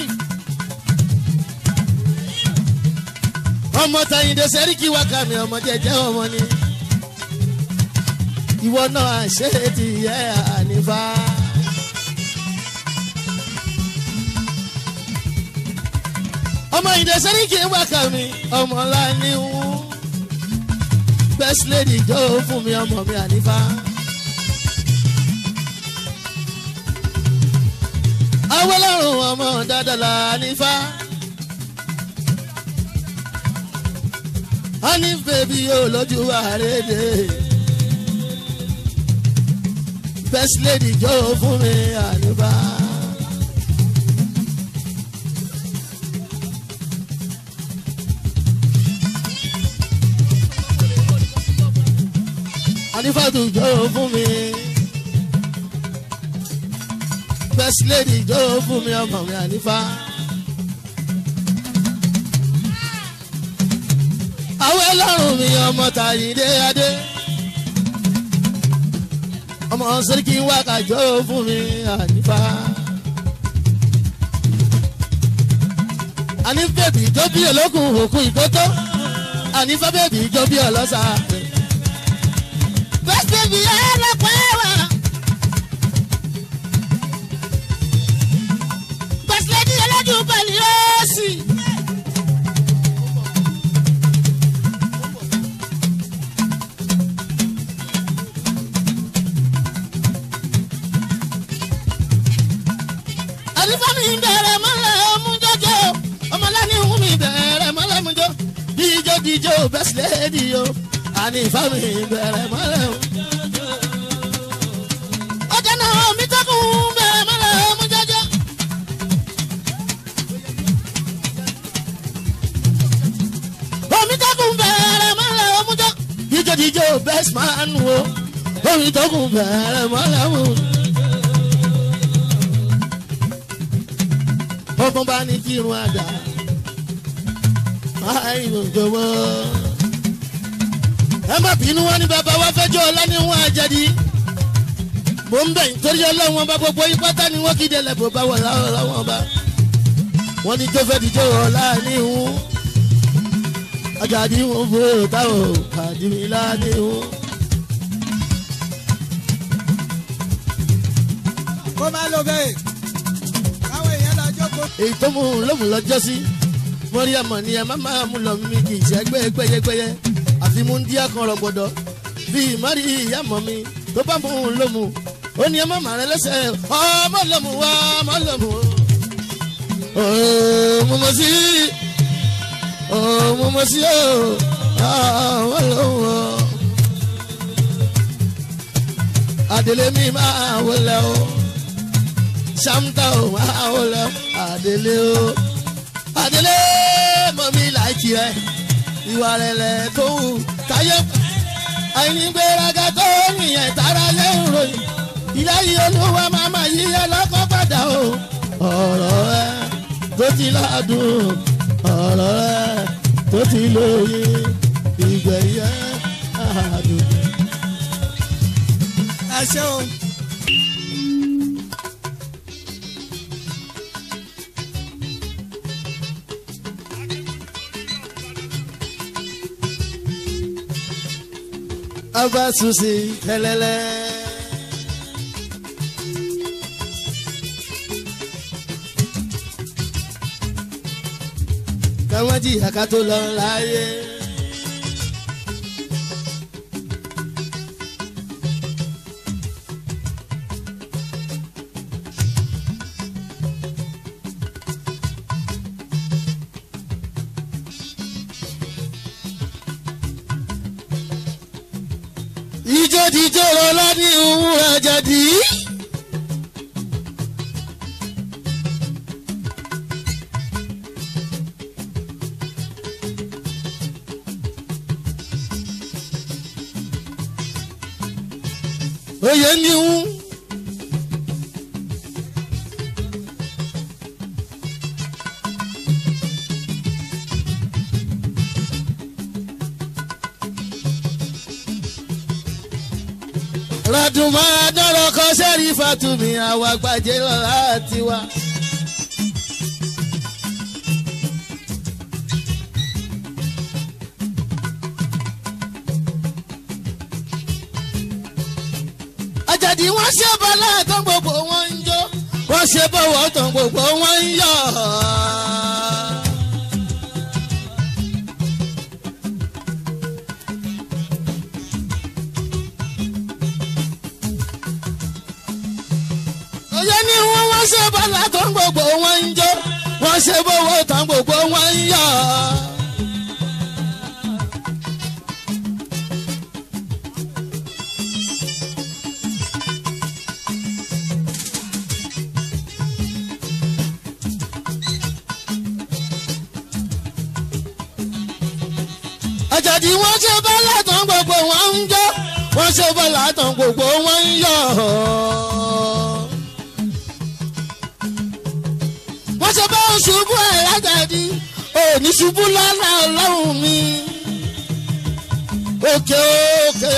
ọmọ Tàyìndé Sẹ́ríkì wá kà mí ọmọ jẹjẹ ọmọ ni ìwọ náà ṣe é ti yẹ ànífà. ọmọ Ìdè Sẹ́ríkì wá kà mí ọmọ ńlá ni wú best lady jọ̀ọ́ fún mi ọmọ mi ànífà. lọ́wọ́ lọ́rùn ọmọ dáadáa là nífà. Hanif bèbí yóò lójú àrédè. Best lady jọ fún mi àníbá. Ànífà tún jọ fún mi. best lady jọ̀wọ́ fún mi ọmọ mi ànífà. àwẹ̀ lọ́rùn mi ọmọ tàyídé adé ọmọ sẹ́ríkì wákà jọ̀wọ́ fún mi ànífà. àní bèbí jọ bí olókùn òkú ìgbótó àní fẹ́ bèbí jọ bí ọlọ́sà. méjì o àní ìfami bẹ̀rẹ̀ mọ́lẹ̀ o. ọjà náà mi tẹ́kùn bẹ̀rẹ̀ mọ́lẹ̀ mú jẹ́jẹ́. omi tẹ́kùn bẹ̀rẹ̀ mọ́lẹ̀ mú jẹ́. jíjọ́jíjọ́ best man wo omi tẹ́kùn bẹ̀rẹ̀ mọ́lẹ̀ mú. ọgbọ́n bá ní kírun àdá. Ayi mo jọ̀wọ́ ẹ má bínú wọn ní bàbá wa fẹjọ́ ọlá ní wọn àjẹdí mò ń bẹ̀ nítorí ọlọ́run ọba gbogbo yín pátá ni wọ́n kéde lẹ́bùn bá wọ̀ láwọn ọba wọ́n ní jófẹ́ díjọ́ ọlá ní wọn àjàdí wọn fún òòtá o àdìmílá ní wọn. kó má lọ bẹ́ẹ̀ káwọn èèyàn lọ èyí tó mú un lómùlọ́jọ́sí mọ́ríàmọ̀ ni ẹ má máa mú lọ mí kì í ṣe gbẹ́yẹgbẹ́yẹgbẹ́yẹ sì mú díẹ̀ kan rọ̀gbọ̀dọ̀ bí ìmọ̀rí ìyá mọ̀ mi tó bá mú un lómu ó ní ọmọ màrẹ lẹ́sẹ̀ ọmọ lọ́mù wá ọmọ lọ́mù ó mú mọ́ sí ó mú mọ́ sí ó ọmọ lọ́mù ó. Adele mi máa wọlé o, Samta o máa wọlé o, Adele o, Adele mọ̀ mi láìkí ẹ ìwà rẹ̀lẹ̀ tó wù táyé ẹni gbéraga tó nìyẹn tára lé ìròyìn ilé yìí olúwa máa máa yí ẹ lọ́kọ́ padà o ọ̀rọ̀ ẹ tó ti ládùn ọ̀rọ̀ ẹ tó ti lóye ìgbẹ̀yẹ àdùn. ẹ ṣeun. Aba susi tẹlẹlẹ. káwọn jìyà ká tó lọ láyé. oyè ní ń. ràdùnmọ́ adọ́rọ̀ kọ́ sẹ́rí fatumi àwa gbàjẹ́ lọ́la tiwa. ìbàdí wọ́n ṣe bọ́lá tán gbogbo wọn ń jó wọ́n ṣe bọ́wọ́ tán gbogbo wọn ń yọ̀. òye ni wọ́n wọ́n ṣe bọ́lá tán gbogbo wọn ń jó wọ́n ṣe bọ́wọ́ tán gbogbo wọn ń yọ̀. gbogbo wọn ń yọ̀ wọ́n ṣe bá ń ṣubú ẹ̀ lágbàdì òní ṣubú lọ́la ọlọ́run mi òkè òkè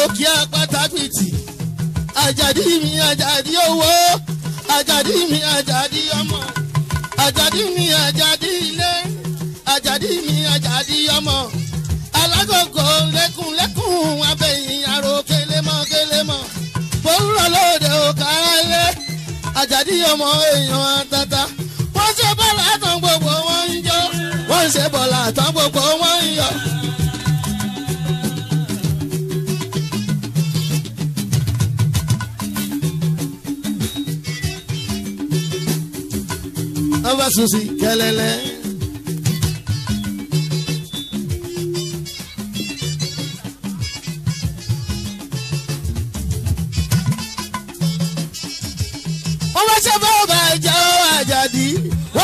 òkè àpáta pìtì àjàdí mi àjàdí owó àjàdí mi àjàdí ọmọ àjàdí mi àjàdí ilé àjàdí mi àjàdí ọmọ alágògò lẹ́kùnlẹ́kùn abẹ́. àjàdí ọmọ èèyàn àtàtà wọ́n ṣe bọ́lá àtàn gbogbo wọn ń yọ wọ́n ṣe bọ́lá àtàn gbogbo wọn ń yọ. ọba susi kẹlẹlẹ.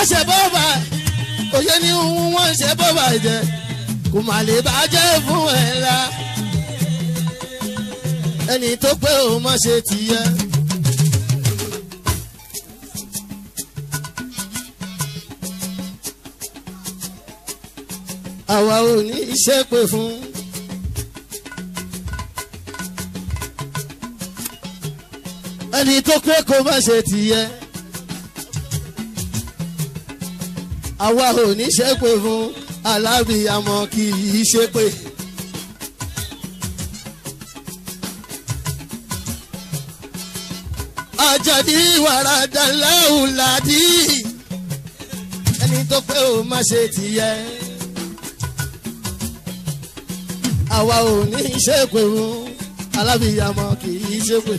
wọ́n ṣe bọ́bà òye ni wọ́n ṣe bọ́bà jẹ kò mà lè bàjẹ́ fún ẹ̀ la ẹni tó pé o má ṣe tìyẹ. àwa ò ní iṣẹ́ pé fún. ẹni tó pé kó má ṣe tìyẹ. àwa ò ní ṣépè fún alábìyamọ kì í ṣépè. àjọ̀dí wàrà dàláhùn làdí ẹni tó pé ó má ṣe tìyẹ. àwa ò ní ṣépè fún alábìyamọ kì í ṣépè.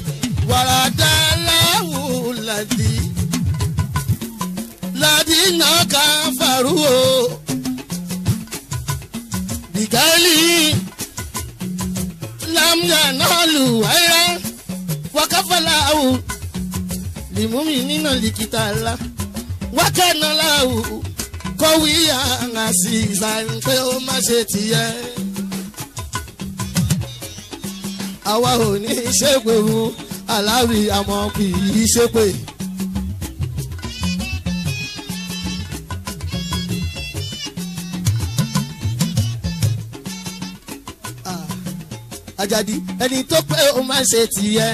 wàrà dàláhùn làdí ladi na kafaru o bigali lam yanalu hayra wakafalahu limuminina likitala wakanalahu kọwíyà àṣìṣà pé ó má ṣe tìyẹ. àwa ò ní ṣègbè wo aláwì àmọ́ kì í ṣépè. Àjàdí ẹni tó pé o máa ṣe tìyẹ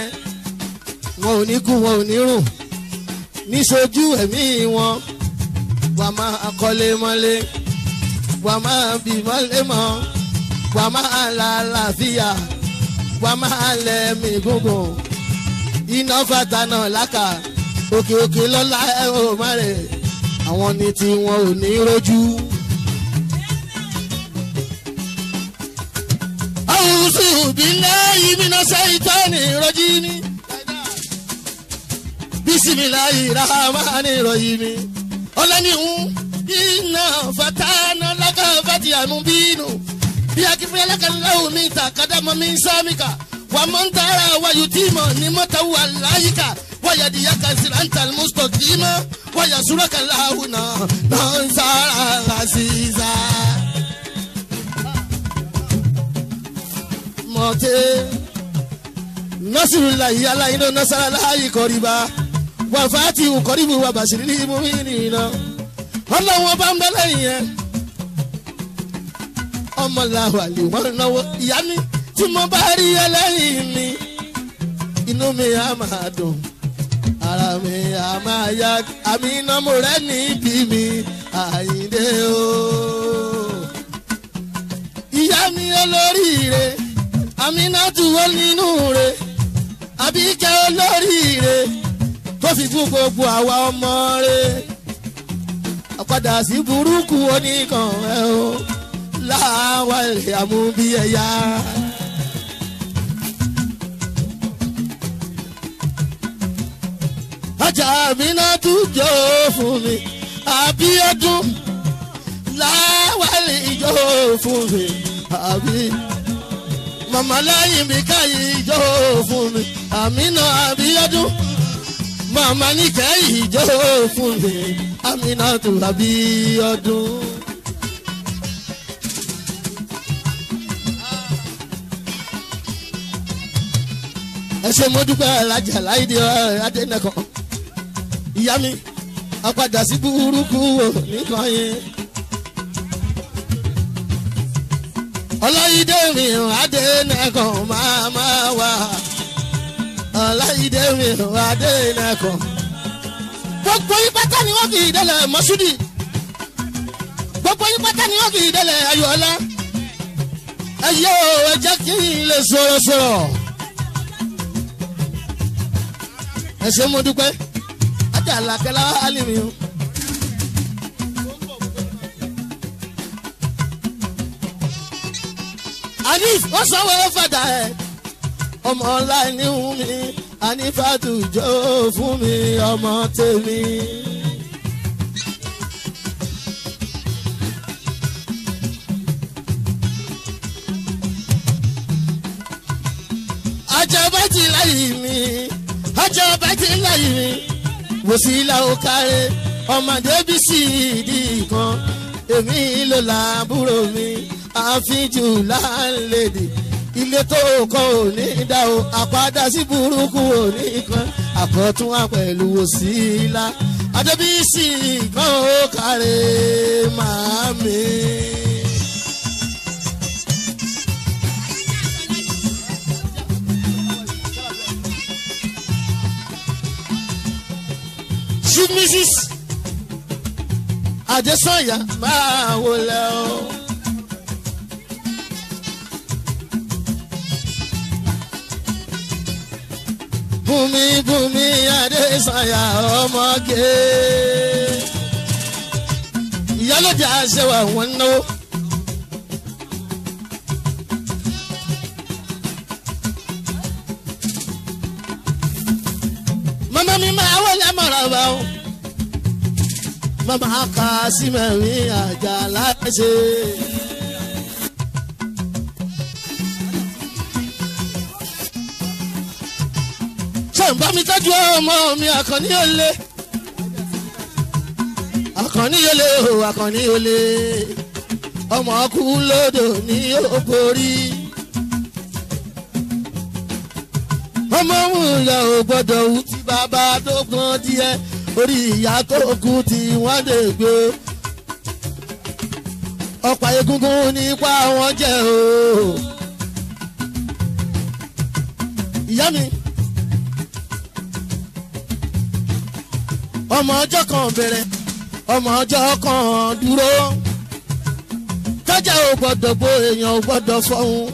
wọn ò ní kú wọn ò ní rùn níṣojú ẹ̀mí wọn wà máa kọ́lé mọ́lé wà máa bì mọ́lé mọ́ wà máa la àlàáfíà wà máa lẹ̀ mí gúngùn iná fàtànà lákà òkè òkè lọ́la ẹ̀ ò má rè àwọn ni tiwọn ò ní rojú. billahi mina shaitani rojimi bisimilayi rahamani rohimi ọlọ́nihun iná fatana laka fati amubinu bí akínfẹ́ alákàlẹ́wò mi ta kàdámọ́ mi sámíkà wà mọ́ ń tara wáyù tìmọ̀ ní mọ́tàwù aláyíká wáyà dìyà kan sí lantan mustaqima wáyà súrọ̀kà láhùn náà náà ń sára àzìzá. mọ̀tẹ́ nọ́sìrì làyè aláìní nọ́sára láàyè kọ́ríba wà fàátì kọ́ríbu wà bàṣírí ní imú mi nìyíná ọlọ́wọ́n ń bẹ́ lẹ́yìn yẹn ọmọlàwọ̀ àlè wọ́n náwó ìyá mi tí mo bá rí ẹlẹ́yìn mi inú mi á máa dùn ara mi á máa yá àmì iná mo rẹ́ níbi mi àyíndé o ìyá mi olóríire. Aminatu wọ́n nínú rẹ̀ Àbíkẹ́ olóríire tó fi fún gbogbo àwa ọmọ rẹ̀ àpadà sí burúkú oníkan ẹ o láwa ilẹ̀ àmúbí ẹ̀yà. ajá Aminatu jọ fún mi Àbíọ́dún láwa ilẹ̀ ìjọ fún mi àbí. Mama lẹ́yìn mi káyìí ìjọ fún mi àmínà àbíyọ́dún Mama ní kẹ́yìí ìjọ fún mi àmínà tó àbíyọ́dún. ẹ ṣe mo dúpẹ́ alájà láìdí adẹ́nẹ́kan ìyá mi àpàdà sí burúkú nìkan yẹn. ọláyídé mi ò adénàkàn máa máa wà ọláyídé mi ò adénàkàn. gbogbo yín pátá ni wọ́n fi ìdẹ́lẹ̀ mọ́ṣúdì gbogbo yín pátá ni wọ́n fi ìdẹ́lẹ̀ ayọ̀ọ́lá ẹ yé o ẹ jẹ́ kí n lè sọ̀rọ̀ sọ̀rọ̀ ẹ ṣe mo dúpẹ́ ajá làkẹ́lá alimi Ani, ó sanwó fàdà ẹ̀ ọmọ ni ẹni wù mí anífàdùjọ́ fún mi ọmọ tèmi. ọjọ́ ti láyé mi ọjọ́ bá ti láyé mi wò sí láwọ kárẹ́ ọmọdé bí sí ìdí kan èmi ló làbúrò mi àfijù láńlẹ́dì ilé tó kọ́ ò ní dá o àpáda sí burúkú ò ní kan àkọ́tún wa pẹ̀lú òsínlá adébísì kan ó kárẹ̀ màámi. Mrs. Adesanya máa wọlé o. bùnmi bùnmi adésànyà ọmọge. ìyálòdì àṣẹwà wọn náwó. mama mi máa wọlé mọ̀ràn wa o mama kà á sí mẹ́rin àjà láṣẹ. ń bá mi tọ́jú ọmọ mi àkànní olè àkànní olè o àkànní olè ọmọ kú lódò ní òbórí ọmọ wùyà ò gbọdọ̀ wù tí bàbá tó gbọ́n díẹ̀ orí ìyá tó kú tí wọ́n lè gbé ọ̀pá egungun nípa wọn jẹ́ o ìyá mi. ọmọ ọjọ́ kan bẹ̀rẹ̀ ọmọ ọjọ́ kan dúró kájà ò gbọ́dọ̀ bo èèyàn ò gbọ́dọ̀ fọ́hún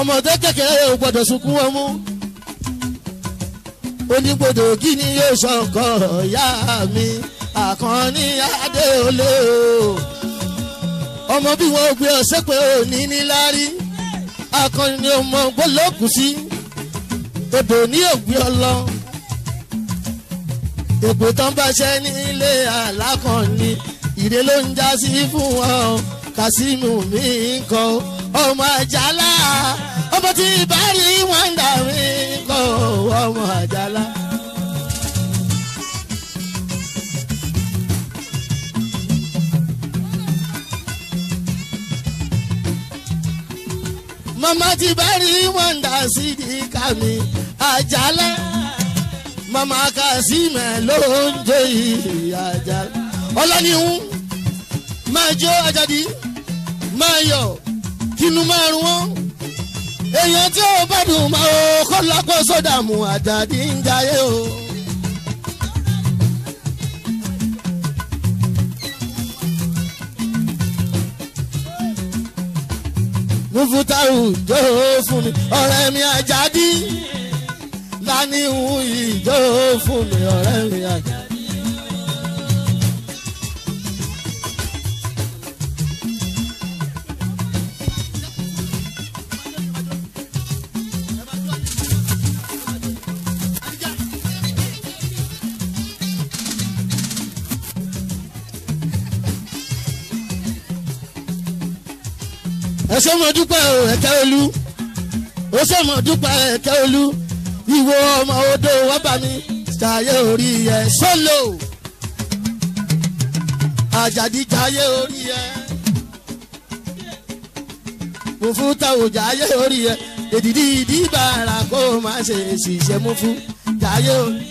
ọmọdé kékeré ò gbọ́dọ̀ sunkún ọmú onígbòdò kí ni yóò sọ ọkọ ìyá mi àkànní adéolé o ọmọ bí wọn gbé ọsẹ pé òní ní lárí akọni ọmọ gbọlọgùn sí odò ní ògbé ọlọ́run èpè tán bá ṣe nílé alákànní ìdè ló ń já sí fún wọn o kàsímù mi ń kọ ọmọ àjàlá ọmọ tí bá rí wọn dà mí kọ ọmọ àjàlá. mama ti bá rí wọn dà sí di kàmi àjàlá mama kazimẹ ló ń jẹ ìyá ajá ọlọ́nihu máa jó ajadi máa yọ kinu máa rún wọn èèyàn tí ó bá dùn máa ó kó lápò sódà mu ajadi ń jayé o. mufutaru jó fún mi ọ̀rẹ́ mi ajadi ní ìhun ìjọ fún mi ọ̀rẹ́ mi àjà. ẹ ṣé mo dúpẹ́ ẹ̀kẹ́ olú ó ṣé mo dúpẹ́ ẹ̀kẹ́ olú ìwọ ọmọ odò wá bá mi jayé orí ẹ sólò àjàdí jayé orí ẹ mo fún táwọn jayé orí ẹ èdìdí ìdíbàrà kó o má ṣe ṣiṣẹ́ mú fún jayé orí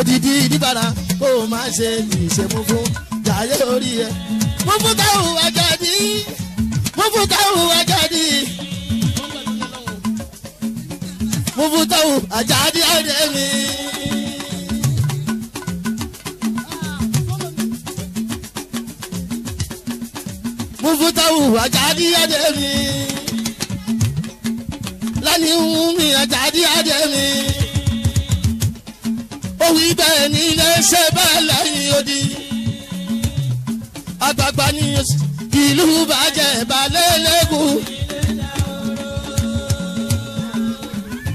èdìdí ìdíbàrà kó o má ṣe ìṣẹ́mú fún jayé orí ẹ mo fún táwọn àjàdí mufutawu ajadi mufutawu ajadi ademi. mufutawu ajadi ademi. lani wumi ajadi ademi. òwì bẹ́ẹ̀ ni lẹ́sẹ̀ bẹ́ẹ̀ lẹ́yìn odi. àgbàgbà ni yóò sì ìlú bàjẹ́ balẹ̀ lẹ́kùn.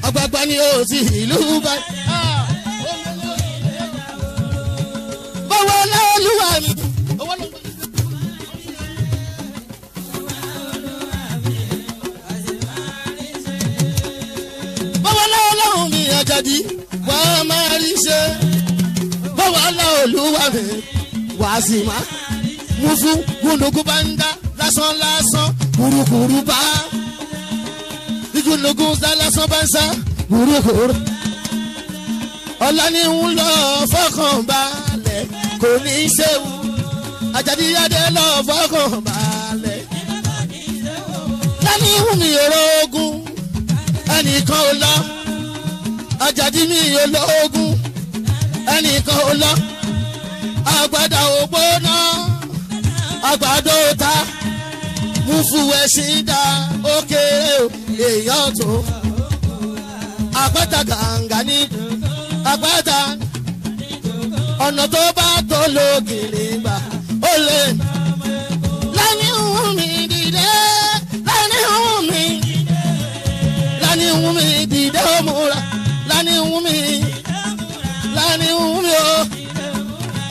ọgbàgbà ni ó sì ìlú bàjẹ́. bọ́wọ́ lọ́lúwa mi. bọ́wọ́ mi àjàdí wàá máa rí ṣe bọ́wọ́ lọ́lúwa mi wàá sì máa mú fún gúnlógún bá ń dá lásán lásán kúrúkúrú bá igúnlógún dá lásán bá ń sá kúrúkúrú. ọ̀la ni ń lọ fọkàn balẹ̀ kò ní í ṣéwu àjàdí adé lọ fọkàn balẹ̀ lẹ́ni ìhùn mi èrò ogun ẹnìkan ò lọ àjàdí mi ò lọ ogun ẹnìkan ò lọ àgbàdà ògbóná àgbàdo ta mufuwe sí da òkè èèyàn tó àpáta gàǹgà ní àpáta ọ̀nà tó bá tó lókèlè gbà ó lè. lani ohun mi dìde lani ohun mi lani ohun mi dìde ó múra lani ohun mi lani ohun mi ó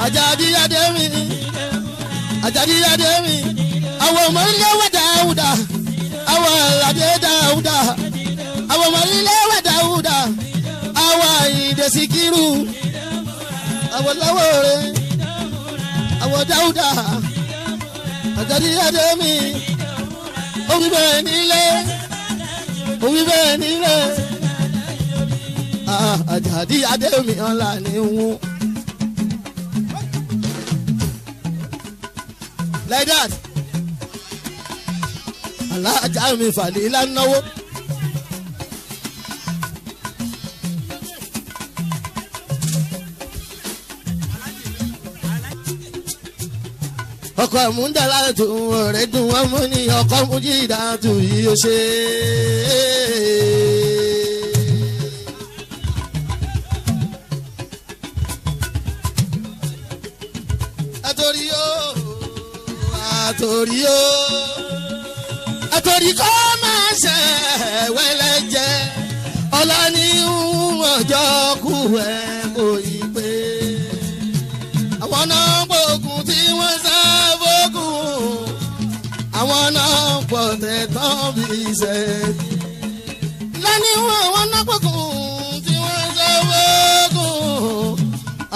Àjàdí adé mi àjàdí adé mi àwọn ọmọ ilé wa dáúdà àwọn àlàdé dáúdà àwọn ọmọ ilé wa dáúdà àwọn àyìndé síkírù àwọn lọ́wọ́ rẹ àwọn dáúdà àjàdí adé mi òwì bẹ́ẹ̀ nílé òwì bẹ́ẹ̀ nílé ah, àjàdí ni wọ́n. like that aláàjà mi fàlẹ́ ilá náwó. ọkọ ìmúdàlá dùn ọ̀rẹ́ dùn ọmọ ní ọkọ mújì ìdáhùn yìí ó ṣe é. yìí o àtòrí kọ́ máa ṣe wẹ́lẹ́ jẹ ọlọ́ni ọjọ́ kù ẹ̀ kò yí pé àwọn náà gbógun tí wọ́n sá fógun àwọn náà pọ̀ tẹ̀tàn bí ṣe lẹ́ni wọn àwọn náà gbógun tí wọ́n sá fógun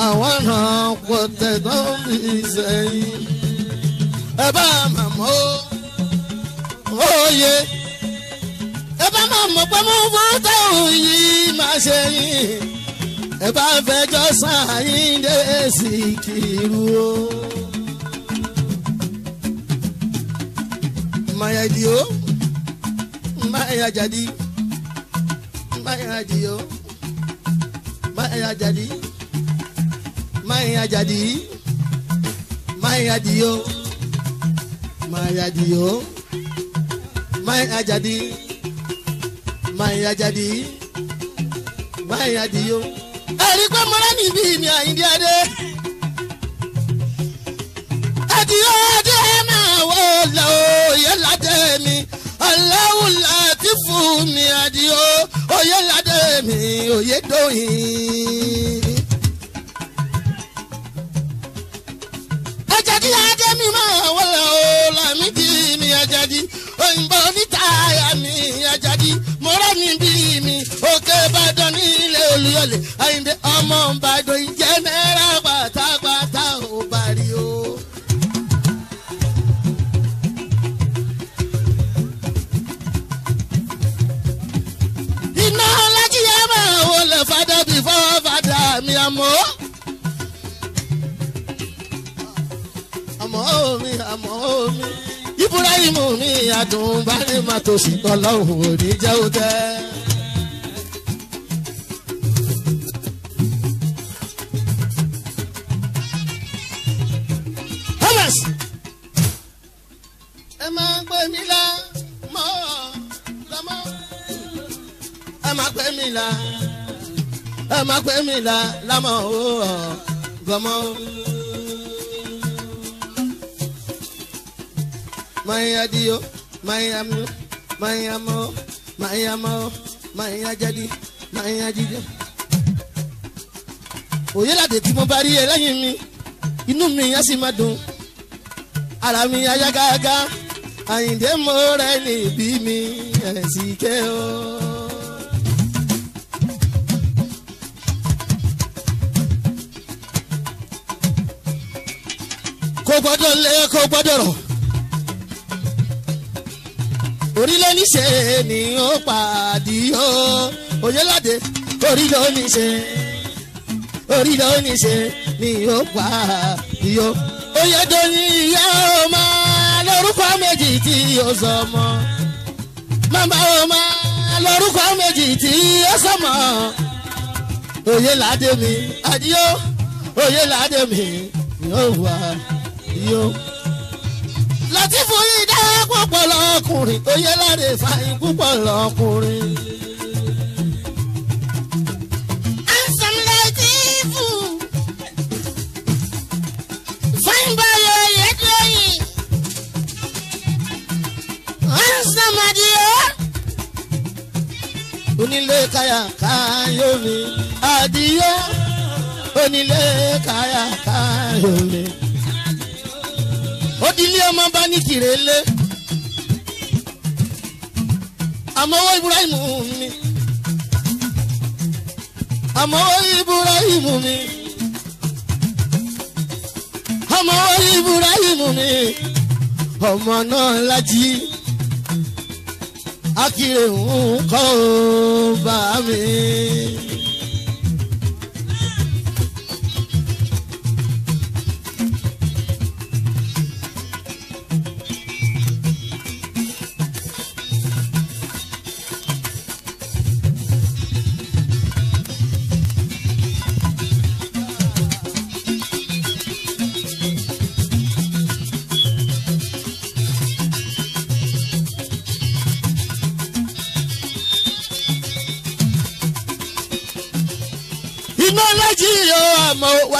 àwọn náà pọ̀ tẹ̀tàn bí ṣe yìí ẹ bá mà mọ́ òye ẹ bá mà mọ́ pé mo fọ́ táwọn yìí máa ṣe yìí ẹ bá fẹjọ́ sàn yín dé sí kìrú o. maya di o maya jadi maya di o maya jadi maya jadi maya di o my ajadi o my ajadi my ajadi my ajadi o. ẹ̀rí pé mo rẹ́ níbí mi àyíndí adé. àdìyó adé máa wọ lóye ládé mi aláwọ̀ láti fún mi àdìyó oyè ládé mi oyè dóyin. jadi mi ma wala o la mi di mi ya jadi o n bọ níta ya mi ya jadi mọ́rọ́ mi bí mi òkè bàdàn nílé olùyọ̀lẹ̀ àyìnbí ọmọ bàdàn ìjẹ́ náírà pátápátá ò bá rí o. iná ọlájì yẹn máa wọlé fada bí fọwọ́ fada mi àmọ́. omi àmọ́ omi Ibrahim mi àdùnbánimá tó sì ọlọ́run ò jẹ́ ó tẹ́. ẹ máa gbé mi lá mọ́ ó gọmọ́ my adio, my amno, my amo, my amo, ya ajadi, my ajijo. Oyelade tí mo bá rí ẹ lẹ́yìn mi, inú mi á sì máa dùn. Ara mi ayá gágá, àyìndé mo rẹ̀ níbí mi, ẹ̀sìn kẹ́ o. kò gbọ́dọ̀ lé kò gbọ́dọ̀ rọ̀ orílẹ̀ níṣẹ́ ni ó pàdé o Oyèládé orílẹ̀ oníṣẹ́ orílẹ̀ oníṣẹ́ ni ó pàdé o Oyèdọ́yìn ìyá ọmọ lórúkọ méjì tí ó sọmọ màmá ọmọ lórúkọ méjì tí ó sọmọ Oyèládé mi àdìo Oyèládé mi ni ó wà yóò púpọ̀ lọkùnrin tó yẹ láre fàyín púpọ̀ lọkùnrin. onílé káyà káyọ̀mí adìyẹ onílé káyà káyọ̀mí. ó ọmọ bá ní tìrẹ́lẹ́ àmọ́wọ́ Ibrahim mi àmọ́wọ́ Ibrahim mi àmọ́wọ́ Ibrahim mi ọmọ náà lájí akire ń kọ́ bá mi.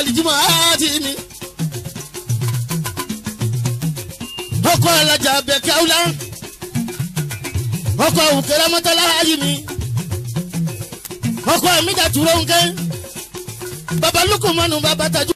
àlìjímọ̀ àti mi. ọkọ̀ alájà bẹ̀kẹ́ ọ̀la ọkọ̀ òkèrè mọ́tàlá ayé mi ọkọ̀ ẹ̀mí dàtúrọ̀ ń kẹ́ baba lukumanu baba